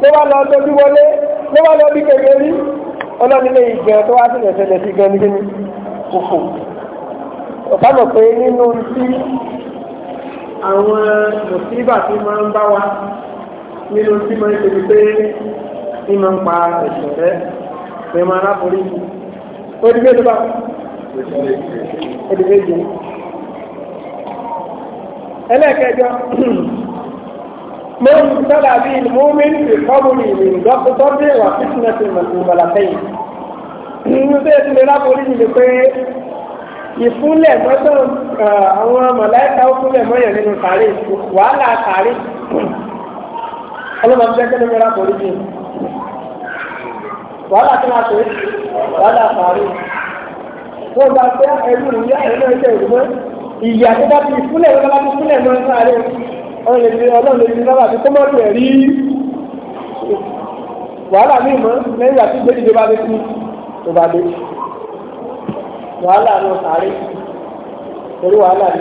ló bá lọ tóbi wọlé ló bá lọ bí kékeré rí ọlọ́nilé ìjọ tó wá sílẹ̀ ṣẹlẹ̀ sí gan ní kíni òfò ọ̀pá mọ̀ pé nínú tí àwọn mùsíbà tí máa ń bá wa nínú tí máa ń ṣe ni pé ní máa ń pa ẹ̀sùn rẹ̀ pé máa ráforí ó di méjì bá ó di méjì ẹlẹ́ẹ̀kẹjọ mọ́n sọ́dà bí mọ́mìn fi kọ́bùnì ìrìndọ́kútọ́bí wà fífúnẹ́sì mọ̀lẹ́kẹ́yìn nínú tí ètò ìfúnlẹ̀ mọ́tò àwọn mọ̀láìka ó fúnlẹ̀ mọ́yàn nínú kàrí wàhálà kàrí ọlọ́mọ fẹ́ kẹ́lẹ́ mẹ́ra kò rí bí wàhálà kí wọ́n pè wàhálà kàrí wọ́n bá fẹ́ ẹlú ìyá ẹ̀rọ ẹ̀jẹ̀ ìdúgbò ìyá tó bá ti ìfúnlẹ̀ lọ́wọ́ bá ti fúnlẹ̀ mọ́ sáré ọlọ́run lè fi rọ́bà tó kọ́ mọ́tò ẹ̀ rí wàhálà mímọ́ lẹ́yìn àti gbẹ́dìgbẹ́ bá dé wàhálà ló sáré torí wàhálà ni.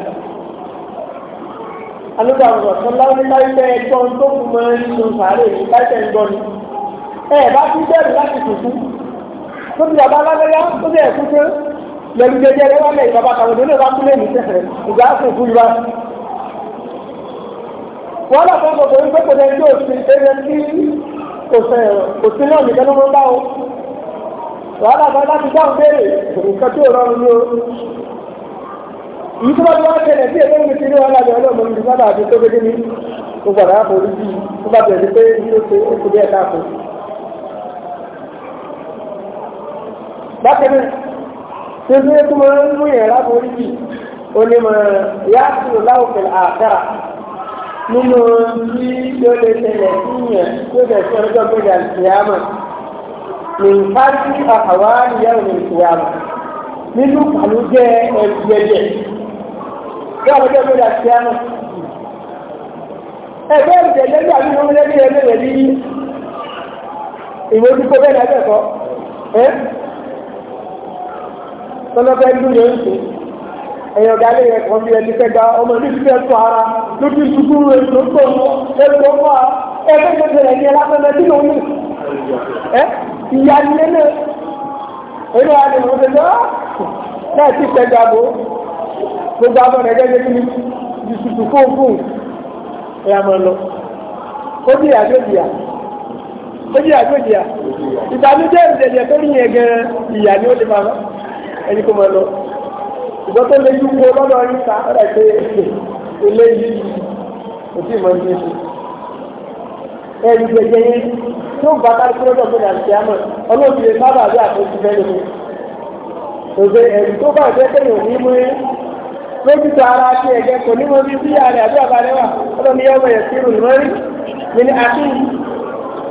alóga ọ̀rọ̀ tó láwọn láìpẹ́ ẹgbọ́n tó kù mọ́ nínú sáré ní láìpẹ́ ń gbọ́ ni. ẹ bá tún bẹ̀rù láti tùkú tó ti bàbá alágbẹ́yà tó bẹ̀rẹ̀ kú tán lẹ́nu jẹjẹrẹ wálé ìbàbá kàwọn òdòdó bá kú lẹ́nu sẹ́sẹ̀ ìgbà fún fún wa wọ́n lọ́pọ̀ gbogbo ń gbogbo wàhálà bá láti dáhùn béèrè nǹkan tí ò rọrùn ní o yìí tó bá tó wá ṣẹlẹ̀ sí ẹgbẹ́ mi ti rí wàhálà bẹ̀rẹ̀ lọ́mọ mi sábà àti tó gẹ́gẹ́ ní o gbọ́dọ̀ àpò orí bíi tó bá bẹ̀rẹ̀ pé ó ṣe ó ṣe bí ẹ̀ka àpò. bákan náà ó tó máa ń mú yẹn tó bẹ̀ sí min fati ahawari yawon alkiyama nínú àlùjẹ ẹgbẹjẹ bí àwọn ọjọ́ ìgbẹ́jà kíámà ẹgbẹ́ ìjẹ̀jẹ́ bí àwọn ọmọ ẹgbẹ́ ẹgbẹ́ rẹ̀ ní ìwé kíkó bẹ́ẹ̀ lẹ́gbẹ̀ẹ́ kọ́ ẹ́ tọ́lọ́fẹ́ ń dúró ń sè ẹ̀yọ̀ gálé rẹ̀ kan bí ẹni fẹ́ gba ọmọ ní fífẹ́ tó ara lójú ìdúgbò rẹ̀ tó tó ẹ̀kọ́ fún ẹgbẹ́ ìjẹ̀jẹ̀ rẹ̀ ní ẹlá ìyá ilé náà eré wa lè wọ́n tẹ́lẹ̀ náà ti tẹ́jà bó gbogbo abọ́ rẹ̀ gẹ́gẹ́ bí ìsùsù fóòfóò ẹ̀yà mọ̀ lọ ó di àjòjìyà ó di àjòjìyà ìtànújẹ́ ìdẹ̀jẹ̀ tó ní yẹn gan ìyà ni ó lè máa ẹni kó mọ̀ lọ ìgbọ́ tó lè yí wo lọ́dọ̀ yín ta ọ̀rẹ́ pé eléyìí kò tí ì mọ̀ ní ẹ̀yìn tó ń bàtà kí lọ́jọ́ gbé nàìjíríà àmọ́ ọlọ́ọ̀bì lè má bàbá àtọ́jú fẹ́ lómi. òṣè ẹ̀rù tó bá jẹ́ pé òní mú ẹ́ lójútó ara ti ẹ̀jẹ̀ kò ní mọ bí bí ààrẹ àbí àbálẹ́ wà ọlọ́ni yọ ọmọ ẹ̀sìn rù lórí mi ní àti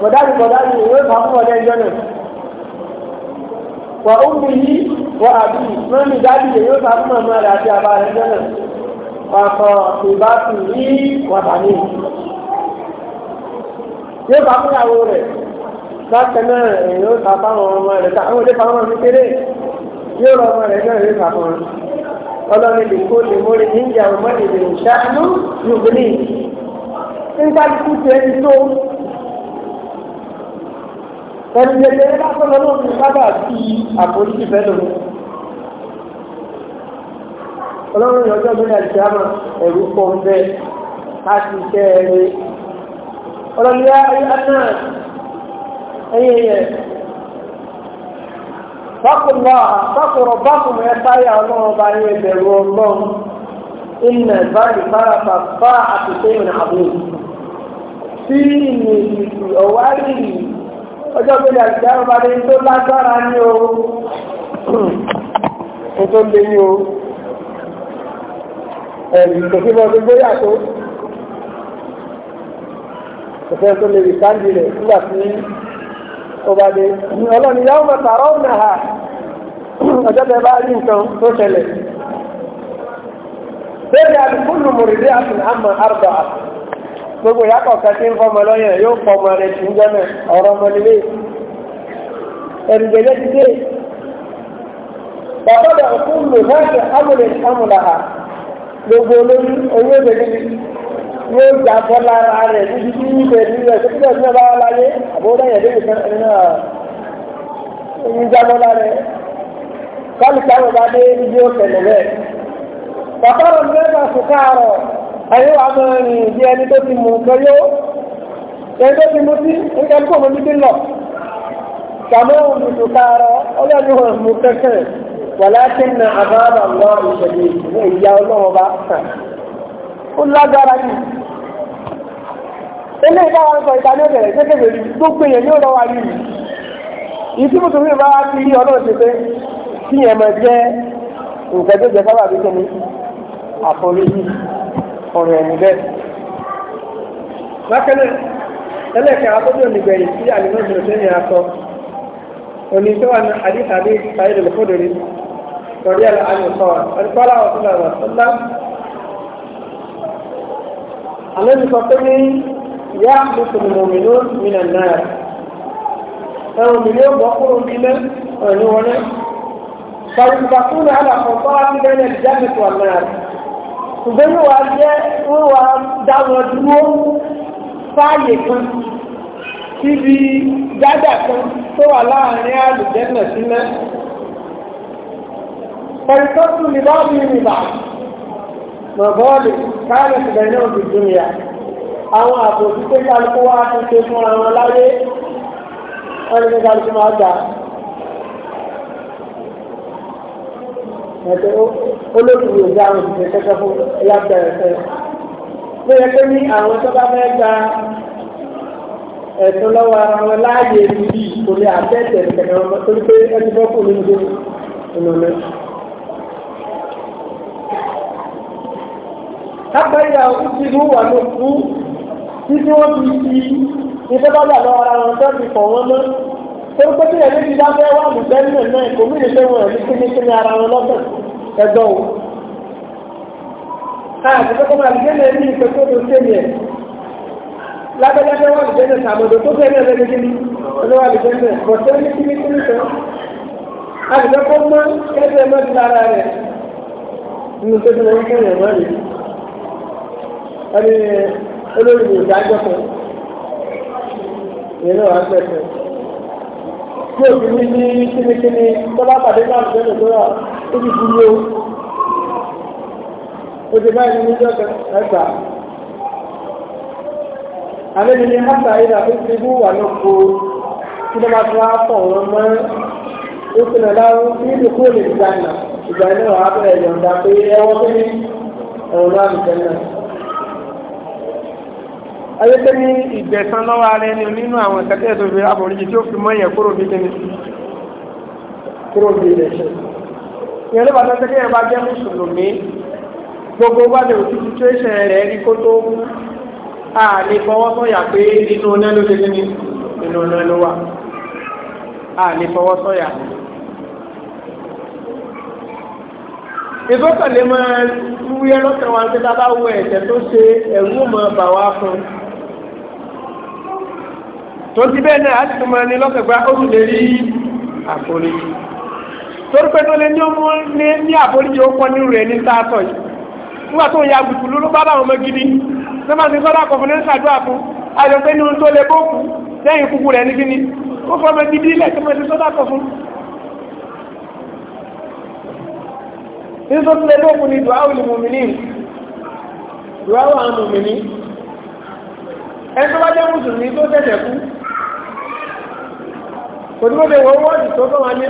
bọ̀dájú bọ̀dájú ìwé kan fún ọdẹ ìjọ náà. wà ó mú yí wọ àbí mọ́mí dájú ìwé kan fún ọmọ rẹ̀ àti àbálẹ́ ìjọ náà. wà á kọ ìbátan yí wà bàmí yóò bá fúnyàwó rẹ̀ bákan náà èèyàn ó ta fáwọn ọmọ rẹ̀ ta àwọn olóòfà ọmọ mi kéré yóò rọ ọmọ rẹ̀ náà yóò ta fún un ọlọ́run lè kó lè mórí níjà ọmọ ìlú ìṣáánú yògbìnì nígbà tí kú ti tó ẹni jẹjẹrẹ lásán lọ́nà òfin sábà sí àforíjì fẹ́ lòun ọlọ́run yọjọ́ bí i àti ẹ̀rú pọ̀ ń bẹ́ẹ̀ láti iṣẹ́ ẹ̀rẹ́ ọ̀rọ̀ ìyá ayé náà ẹ̀yìn ẹ̀yẹ fákùnlọ́ fákùnrọ̀ bákùnrọ̀ ẹ báyà ọlọ́run òfin tó lè sáńdì rẹ̀ nígbà tí ó bá dé ọlọ́ni ha ọjọ́ tẹ bá rí nǹkan tó ṣẹlẹ̀ àmà àrùbà gbogbo ìyá kọ̀ọ̀kan ń fọmọ lọ́yẹ̀ yóò fọmọ rẹ̀ tí ń jẹ́mẹ̀ ọ̀rọ̀ ọmọ ẹ̀rùgbẹ̀lẹ́ ti dé bàbá gbogbo olórí owó yóò gbà bọ́ lára rẹ̀ níbi tí ìbẹ̀ ní rẹ̀ tó kíkẹ́ ìbílẹ̀ bá wà láyé àbúrò yẹn lè fẹ́ ẹni náà ń jábọ́ lára rẹ̀ kálukú àwọn bá dé ibi ó tẹ̀lé bẹ́ẹ̀. bàbá rẹ̀ mẹ́ta sùkárọ̀ ayé wa máa rìn bí ẹni tó ti mú nǹkan yó ẹni tó ti mú sí nǹkan tó mú níbi lọ. kàmọ́ òun sùkárọ̀ ọlọ́ni wọn mú kẹ́kẹ́ wàlá kí n na àbá ó lágbára yìí ilé ìdáwà ń sọ ìdáni ọ̀bẹ̀rẹ̀ kékeré rí gbogbo èèyàn ní ọ̀rọ̀ wa rí rí ìyí tí mùsùlùmí bá wá sí ọlọ́run ti pé kí ẹ̀ mọ̀ jẹ́ nǹkan tó jẹ sábà bí kí ni àforíjì ọ̀rọ̀ ẹ̀mí bẹ́ẹ̀. bákan náà ẹlẹ́kẹ̀ abọ́jú onígbẹ̀yìn sí àlùmọ́ ìbùrọ̀ sẹ́yìn akọ òní tó wà ní àdìsàdì sáyẹ̀dẹ̀ lọ́kọ́dọ̀rẹ́ sọ̀rí àlọ́ àyùkọ́ àlejò sọ pé ní ìyá àkókò ní mòmìnú mìíràn náà ẹ̀rùn mi yóò bọ́ kúrò nílé ẹ̀rù wọlé fàrùbàkúrò àlàkọ̀ọ́kọ́ àbílẹ̀ ìjábẹ̀tò àmàrà ṣùgbọ́n ní wàá jẹ́ wọ́n wàá dá wọn dúró fáàyè kan síbi gádà kan tó wà láàrin àlùjẹ́nà sílẹ̀ pẹ̀lú tó ní bá mi bàá mọ̀bọ́ọ̀lù káàlù ka náà ti dùn yà àwọn àbòsí pé kálukú wá ti ṣe fúnra wọn láyé wọn ní kálukú máa gbà. ẹ̀tọ́ olóòtú yóò àwọn òṣìṣẹ́ kẹ́kẹ́ fún ẹlẹ́gbẹ̀rẹ̀ fẹ́. yẹ pé ní àwọn tó bá fẹ́ gba ẹ̀tọ́ lọ́wọ́ ara wọn lápẹ́yà ìṣirú wà ló kú títí wọ́n fi fi iṣẹ́ bá gbà lọ́wọ́ ara wọn tó ti fọ̀ wọ́n mọ́ torí pé kí ẹ̀mí ti dá fẹ́ wà lùgbẹ́ nínú náà kò mí lè fẹ́ wọn ẹ̀mí kíní kíní ara wọn lọ́sẹ̀ ẹ̀dọ́ o. káàkiri tó kọ́ máa lè gbé ní ìpè tó tó ṣe yẹ lágbẹ́jà fẹ́ wà lùgbẹ́ náà sàmọ́dọ̀ tó fẹ́ náà lẹ́nu kíní olówà lùgbẹ́ náà bọ̀ sẹ́ni kíní kíní sọ. àgbẹ̀ kọ́ mọ́ kẹ́sẹ̀ mọ́ ẹni olórí mi ìdájọ́ kan ìyẹn náà wà ń bẹ̀rẹ̀ tí òbí mi ní kínníkínní tọ́lá pàdé náà ń tó rà ó ti dúró o ti báyìí ní ìjọ ẹ̀ta alẹ́ mi ní hàtà ìdá tó ti bú wà lóko tí bá pọ̀ wọn mọ́ ó ti nà láwọn ìlú kúrò náà wà á pé ẹwọ́ ayépe ní ìgbẹ̀sán lọ́wọ́ ara ẹni nínú àwọn ìkàtẹ́ tó fi aboríjì tí ó fi mọ́ yẹn kúrò bíi kíni kúrò bíi ilẹ̀ ṣe ìyẹn ló bá tó tẹ́kẹ́ yẹn bá jẹ́ mùsùlùmí gbogbo bá lè òtún situation rẹ̀ rí kó tó kú a lè fọwọ́ sọ̀yà pé inú ọ̀nà ló ṣe kíni inú ọ̀nà ló wà a fọwọ́ sọ̀yà. ìgbọ́kànlé máa ń wúyẹ́ lọ́sẹ̀ wa ń tẹ́ta wọ ẹ̀jẹ̀ tó ṣe ẹ̀rú mọ́ bà wá fún un tó ti bẹ́ẹ̀ náà láti tó máa ní lọ́sẹ̀gbá ó sì lè rí àforíjì torí pé tó lè ní ọmọ ní àforíjì ó pọ́n nírú rẹ̀ ní sáàtọ̀ yìí nígbà tó ń ya gbùgbù ló bá báwọn ọmọ gidi tó máa ti sọ́dọ̀ àkọ́fún ní sàdúrà fún ayọ̀ pé nínú tó lè bókù lẹ́yìn kúkú rẹ̀ ní gidi ó fọmọ gidi ilẹ̀ tó máa ti sọ́dọ̀ àkọ́fún nítorí lè bókù ni dùá òlì mùmìnì dùá wà mùmìnì ẹni tó bá jẹ́ mùsùlùmí tó tẹ̀sẹ̀ kú òdúgbò lè wọ́n wọ́ọ̀dì tó tó wà ní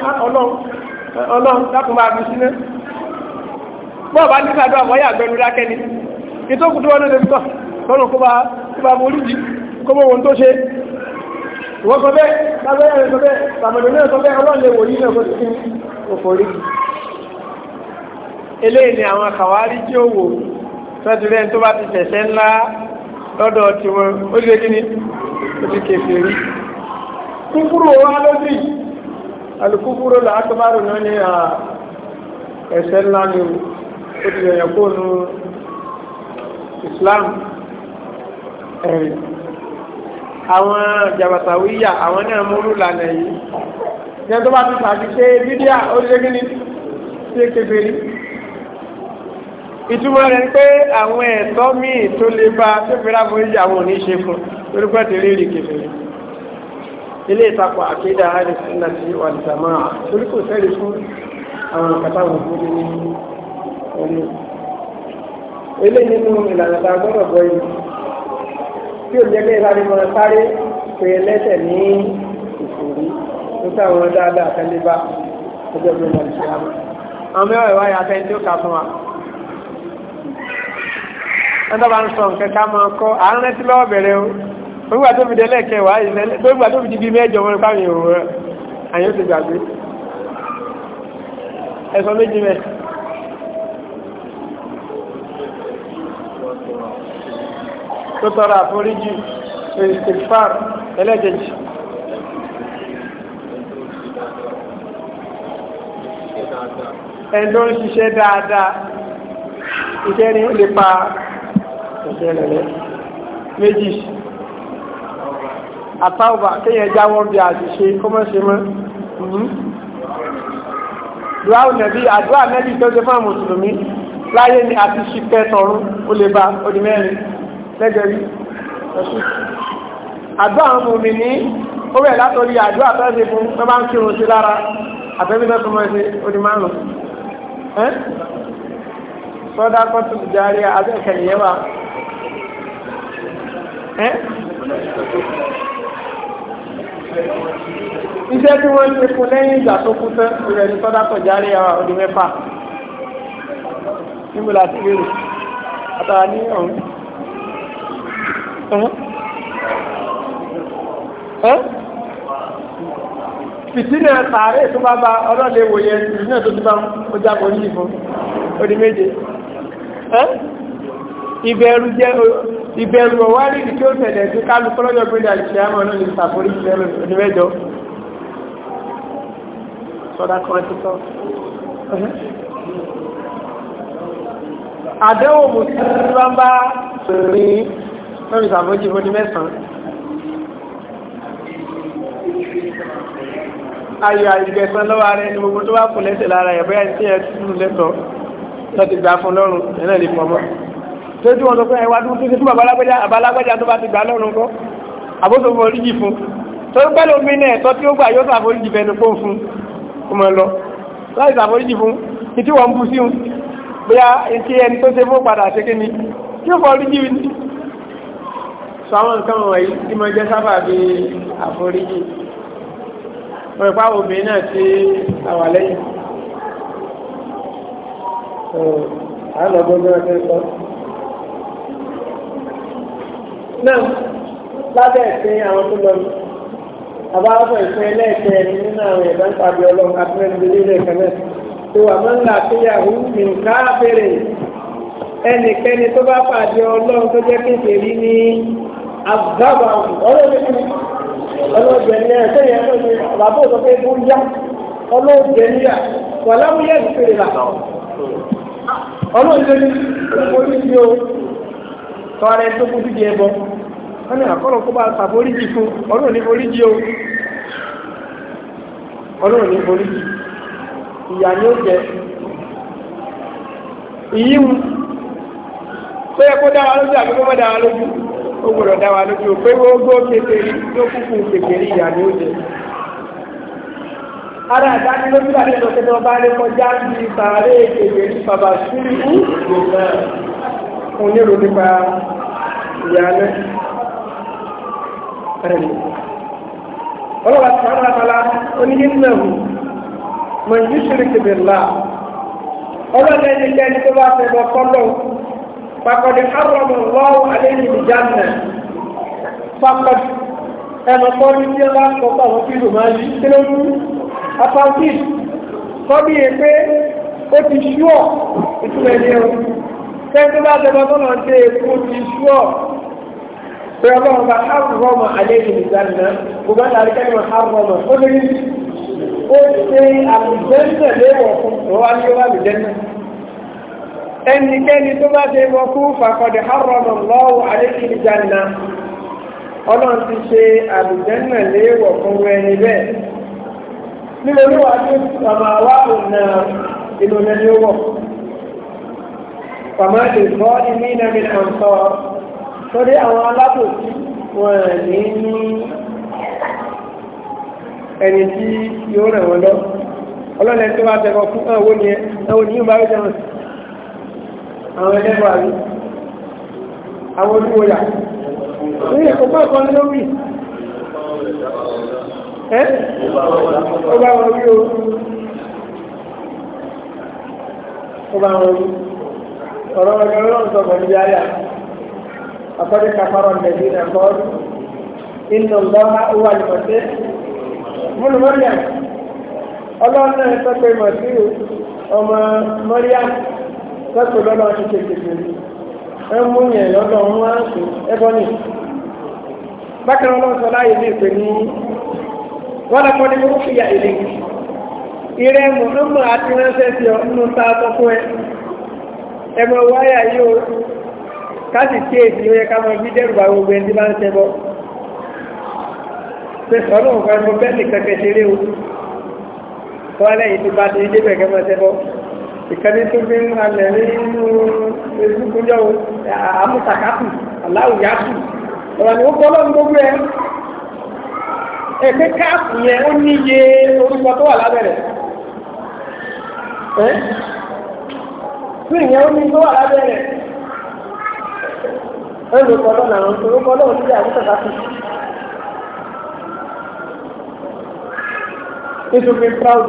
ọlọ́run lákùn máa fi sílẹ̀ bọ́ ọ̀bá ní sàdọ́ àwọn yà gbẹnu dákẹ́ ni ìtókù tó wọ́n lè tọ́ lọ́rùn kó bá kó bá borí jì kó mọ ohun tó ṣe ìwọ́n sọ bẹ́ẹ̀ lábẹ́rẹ́ rẹ̀ sọ bẹ́ẹ̀ tàbẹ̀dọ̀ náà sọ bẹ́ẹ̀ ọlọ́run lè wòye náà kó ti òfò rí jì eléyìí ni àwọn kàwárí tí ó wò sẹ́tìrẹ́ tó bá ti tẹ̀sẹ̀ ńlá lọ́dọ̀ tiwọn ó lè kí ni ó ti kèfèrí kúkúrò wá lódì alùkúkúrò làákàbárò náà ní à ẹ̀ṣẹ̀ ńlá ni ó ti yẹ̀yẹ̀ kó nu Islam ẹ̀rì àwọn jàbàtà wíyà àwọn náà múrú lànà yìí ní ẹni tó bá ti tàbí ṣe bídíà ó lé gíní sí kébèrè ìtumọ̀ rẹ̀ ń pé àwọn ẹ̀tọ́ míì tó lè bá tó fẹ́ràn fún ìjà àwọn ò ní ṣe fún torí pẹ́ tẹ̀lé rí kébèrè ilé ìtakọ̀ àkédà àrísínà tí wà ní jàmáà torí kò sẹ́rí fún àwọn àkàtàwọn òfin ní omi ilé nínú ìlànà tá a gbọ́dọ̀ bọ́ yìí tí ò jẹ́ pé ìlànà ìmọ̀ sáré pé ẹlẹ́sẹ̀ ní ìfòrí tó táwọn dáadáa tẹ́lẹ̀ bá ọjọ́ bí wọ́n ti hàn. àwọn mẹ́wàá ìwà yà tí ó kà fún wa. wọ́n dábàá ń sọ nǹkan ká máa kọ́ àárẹ̀ tí lọ́wọ́ bẹ̀rẹ̀ o gbogbo àti òfìdí ẹlẹ́kẹwàá ìlẹ́lẹ́ gbogbo àti òfìdí bíi mẹ́jọ wọn káwọn èèyàn wọn àyàn ti gbàgbé ẹ̀sọ́ méjì mẹ́. tó tọrọ àforíjì ìsìnkfàr ẹlẹ́kẹjì. ẹni tó ń ṣiṣẹ́ dáadáa iṣẹ́ ni ó lè pa ìṣẹ́ rẹ̀ méjì àtàwọ̀bà kéèyàn jáwọ́ bí àṣìṣe kọ́mọ́ṣe mọ́ mhm. dùáwù nàbí àdúrà nẹ́bí tó ṣe fún mùsùlùmí láyé ni àti ṣìkẹ́ tọ̀run ó lè ba odi mẹ́rin lẹ́gẹ̀rí ẹ̀ṣù àdúrà àwọn mùmí ní ó bẹ̀rẹ̀ látọ̀rí àdúrà tó ṣe fún tó bá ń kírun sí lára àtẹ́bí tó túnmọ̀ ṣe odi márùn sọ́dá kan tó ti járe abẹ́ẹ̀kẹ́ nìyẹn wa iṣẹ́ tí wọ́n ṣe fún lẹ́yìn ìgbà tó kú tán rẹ̀ ní sọ́dátọ̀ járe àwọn ọdún mẹ́fà níbo la ti lérò àtàrà ní ọ̀hún. fìtínà tààrẹ tó bá bá ọlọ́lẹ̀ wòye ìrìnà tó ti bá ó jágbó ní ìfún ó di méje ìbẹ̀rù jẹ́ ìbẹ̀rù ọ̀wárí ìdí tí ó tẹ̀lẹ̀ sí kálukú lọ́jọ́ gbélé àìsí àmọ́ náà lè ṣàforí ìbẹ̀rù onímẹ́jọ sọ́dá kan ti sọ. àdéhùn mùsùlùmí bá ń bá rí lórí ìṣàforí onímẹ́sàn-án ayọ̀ àìgbẹ̀sán lọ́wọ́ ara ẹni gbogbo tó bá kù lẹ́sẹ̀ lára ẹ̀ bóyá ìṣe ẹ̀ tún lẹ́tọ̀ọ́ lọ́ti gbà tójú wọn sọ pé ẹwà tó ṣe fún abalagbẹ́jà tó bá ti gbà lọ́rùn kọ́ àbóso fún oríjì fún torí pẹ́lú omi náà ẹ̀tọ́ tí ó gbà yóò sàforíjì fẹ́nu pọ́ fún ọmọ lọ láì sàforíjì fún ní tí wọ́n bú sí un bóyá etí ẹni tó ṣe fún padà ṣe kí ni tí ó foríjì ní. sọ àwọn nǹkan wọ̀nyí tí mo jẹ́ náà lábẹ́ ìsìn àwọn tó lọ ní àbáwọ̀ ìsìn ẹlẹ́ẹ̀kẹ́ nínú àwọn ẹ̀dá ń pàdé ọlọ́run àtúnẹ́gbẹ̀lẹ́ ilẹ̀-ẹ̀kẹ́ náà tó wà máa ń là síyàwó nǹkan àbẹ̀rẹ̀ ẹnikẹ́ni tó bá pàdé ọlọ́run tó jẹ́ kékeré ní àgbàbà ọlọ́run ọlọ́jẹ̀ ní ẹ̀sẹ̀ yẹn lọ́jẹ̀ bàbá òsọ pé kó yá ọlọ́jẹ̀ níyà wà tọ́wọ́ rẹ̀ tó kú díje ẹbọ wọ́n ní àkọ́lọ̀ kó bá sàforíjì fún ọlọ́run ní foríjì o ọlọ́run ní foríjì ìyà ni ó jẹ tó yẹ kó lójú kó lójú ó lójú pé gbogbo kékeré tó kúkú kékeré ìyà ni ó jẹ ara àdáni tó bá kọjá bàbá fún nílò nípa ìyálẹ́ ẹ̀rì ọlọ́wà tí wọ́n rápálá oníyí náà mọ̀ yí ṣíríkì bìlá ọlọ́dẹ ní jẹ́ ní tó bá fẹ́ bọ́ kọ́lọ́ pàkọ́dé hárọ̀mù lọ́wọ́ àlẹ́yìn ìjánà pàkọ́dé ẹnu kọ́bí tí ó bá kọ́kọ́ àwọn tí ìlú máa yí tí ló mú apáńtì kọ́bí yẹn pé ó ti ṣúọ̀ ìtumẹ̀ ní ẹ̀rọ tẹ́ńtí bá tẹ́bọ́ tó lọ sí èkó ti ṣúọ̀ pé ọlọ́run bá hárùmọ̀ àlẹ́yìn ìdáná kò bá tàbí kẹ́lẹ́ mọ̀ hárùmọ̀ ó lè rí ó ṣe àlùjẹ́ńtẹ̀ léwọ̀ fún ìwà ní wà lùjẹ́ńtẹ̀ ẹnikẹ́ni tó bá ṣe wọ kú fàkọ̀dẹ̀ hárùmọ̀ lọ́wọ́ àlẹ́yìn ìdáná ọlọ́run ti ṣe àlùjẹ́ńtẹ̀ léwọ̀ fún ẹni bẹ́ẹ̀ nílò olúwa tó sàmà wà òun náà ìlú pàmò lè kọ́ ilé iná mi náà ń sọ torí àwọn alábòsí wọn ní ní ẹni tí yóò rẹ̀ wọ́n lọ ọlọ́lẹ̀ tó bá tẹ̀kọ̀ fún ẹwọ́ ni ẹwọ́ ni yóò bá rí jẹun àwọn ẹlẹ́gbọ́ àrí àwọn olúwòyà ní ìkọ̀kọ́ kan lórí ẹ́ ó wọn rí o ó wọn rí o ọ̀rọ̀ ọ̀gá ọlọ́run sọ pẹ̀lú yáyà ọ̀kọ́dé kàfàrọ̀ nẹ̀bí nà kọ́ọ̀dù inú lọ́ha wà lùmọ̀tẹ́ múlù mọ́ríàm ọlọ́run náà sọ pé mọ̀síù ọmọ mọ́ríàm sọ́tò ti ẹ mú yẹn lọ́dọ̀ ẹbọ ni bákan ọlọ́run sọ ní ìpè ní wọ́n ní mú fìyà ìlẹ̀ àti ránṣẹ́ ẹmọ wáyà yóò káàsì tí èsì ó yẹ ká mọ bí dẹ́rù àwọn ogun ẹni máa ń ṣẹbọ pé sọ́nà òun fẹ́ mọ bẹ́ẹ̀ nìkan kẹsẹ̀rẹ́ o wọ́n lẹ́yìn tó bá ti dé bẹ̀kẹ́ mọ ṣẹbọ ìkànnì tó fi ń halẹ̀ nínú ìdúkúnjọ́ àmútakàtù aláwùyàtù ọ̀rọ̀ ni ó kọ́ lọ́nà gbogbo ẹ̀ ẹ̀kẹ́ káàpù yẹn ó níye orúkọ tó wà lábẹ́rẹ̀ tí ìyẹn ó ní tó wà lábẹ́ rẹ̀ ó lè kọ́ lọ́nà àwọn orúkọ lọ́wọ́ sílẹ̀ àbúkọ̀ káfí. nítorí proud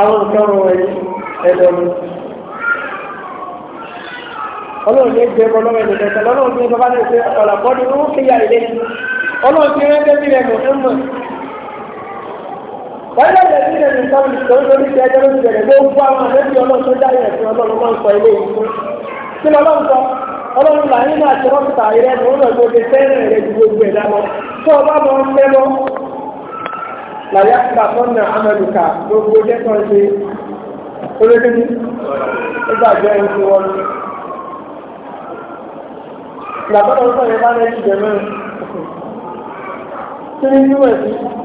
àwọn nǹkan wọ̀nyí ẹ̀dọ̀ mi ọlọ́run ní gbé ọmọ lọ́wọ́ ẹ̀dọ̀ mẹ́ta lọ́wọ́ ní ọba ní ìpínlẹ̀ ọ̀làkọ́ni ó kéyà ilé ọlọ́run ti rẹ́ wọ́n lé ẹ̀dí rẹ̀ ní sọ́ọ̀lù tó ń lórí ti ẹjọ́ lóṣù bẹ̀rẹ̀ gbogbo àwọn àlejò ọlọ́run tó dá ìrẹ̀sìn ọlọ́run máa ń sọ ilé yìí fún kí lọ́lọ́run sọ ọlọ́run là nínú àti rọ́pùtà rẹ̀ ní ọ̀nà gbogbo fẹ́ràn rẹ̀ ju gbogbo ẹ̀dá lọ tó o bá mọ ń fẹ́ lọ làyà kúta fọ́nà amẹ́ríkà gbogbo jẹ́kọ̀ ṣe olóde ní ìgbàgbọ́ ẹni tí wọ́n lọ. ìgbàgbọ́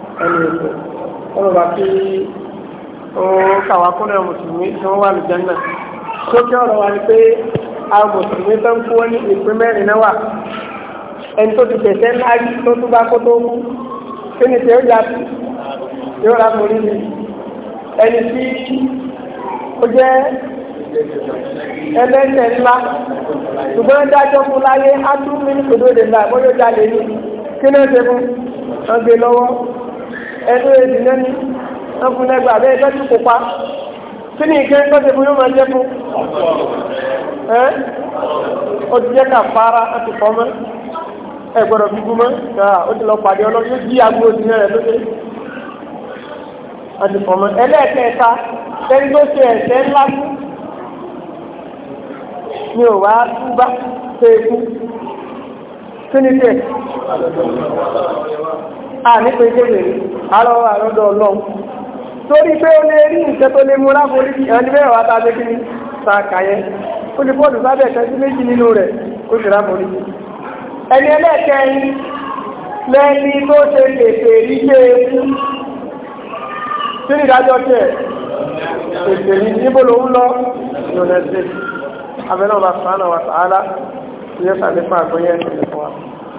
ẹnu ètò ọlọ́run bá kí ó kàwá kúnlẹ̀ mùsùlùmí tí wọ́n wà ní jẹ́nà sókè ọ̀rọ̀ wa ni pé a mùsùlùmí tó ń kú wọ́n ní ìpín mẹ́rin náà wà ẹni tó ti tẹ̀sẹ̀ ńlá rí tó tún bá kó tó mú kí ni tẹ̀ ó yá sí yóò rà mọ́ níbi ẹni tí ó jẹ́ ẹlẹ́sẹ̀ ńlá ṣùgbọ́n dájọ́ fún láyé á tún mí ní kòdó bóyá ó jalè ní kí ni ó ṣe fún ọgbẹ́ lọ́wọ́ ẹnu èdè lẹ́nu ẹkùn lẹ́gbàá bẹ́ẹ̀ bẹ́ẹ̀ tó kópa kí ni ìké kọ́sẹ̀ fún yóò máa jẹ́ fún ẹ́ ó ti jẹ́ ká fara láti fọ́ mọ́ ẹ gbọ́dọ̀ bíbú mọ́ káà ó ti lọ pàdé ọlọ́ yóò jí agbo òsì náà rẹ̀ lóde láti fọ́ mọ́ ẹlẹ́ẹ̀kẹta ẹni tó ṣe ẹ̀ṣẹ̀ ńlá mi ò wá túbá ṣe é kú kí ni tẹ̀ ànípe ah, kékeré alọ́wọ́ àlọ́dọ̀ ọlọ́run torí pé ó lè rí nǹkan tó lè múra forí ẹni bẹ́ẹ̀ wá tàbí kí ní sàkàyẹ ó lè bọ́ọ̀lù sábẹ̀ kan sí méjì nínú rẹ̀ kó sì ráforí ẹni ẹlẹ́ẹ̀kẹrin lẹ́ni tó ṣe lèfè rí gbé ewu sí ìdájọ́ tiẹ̀ ètè yìí níbo ló ń lọ yóò lẹ́sẹ̀ abẹ́nà bàbá sàánà wà sàálà yóò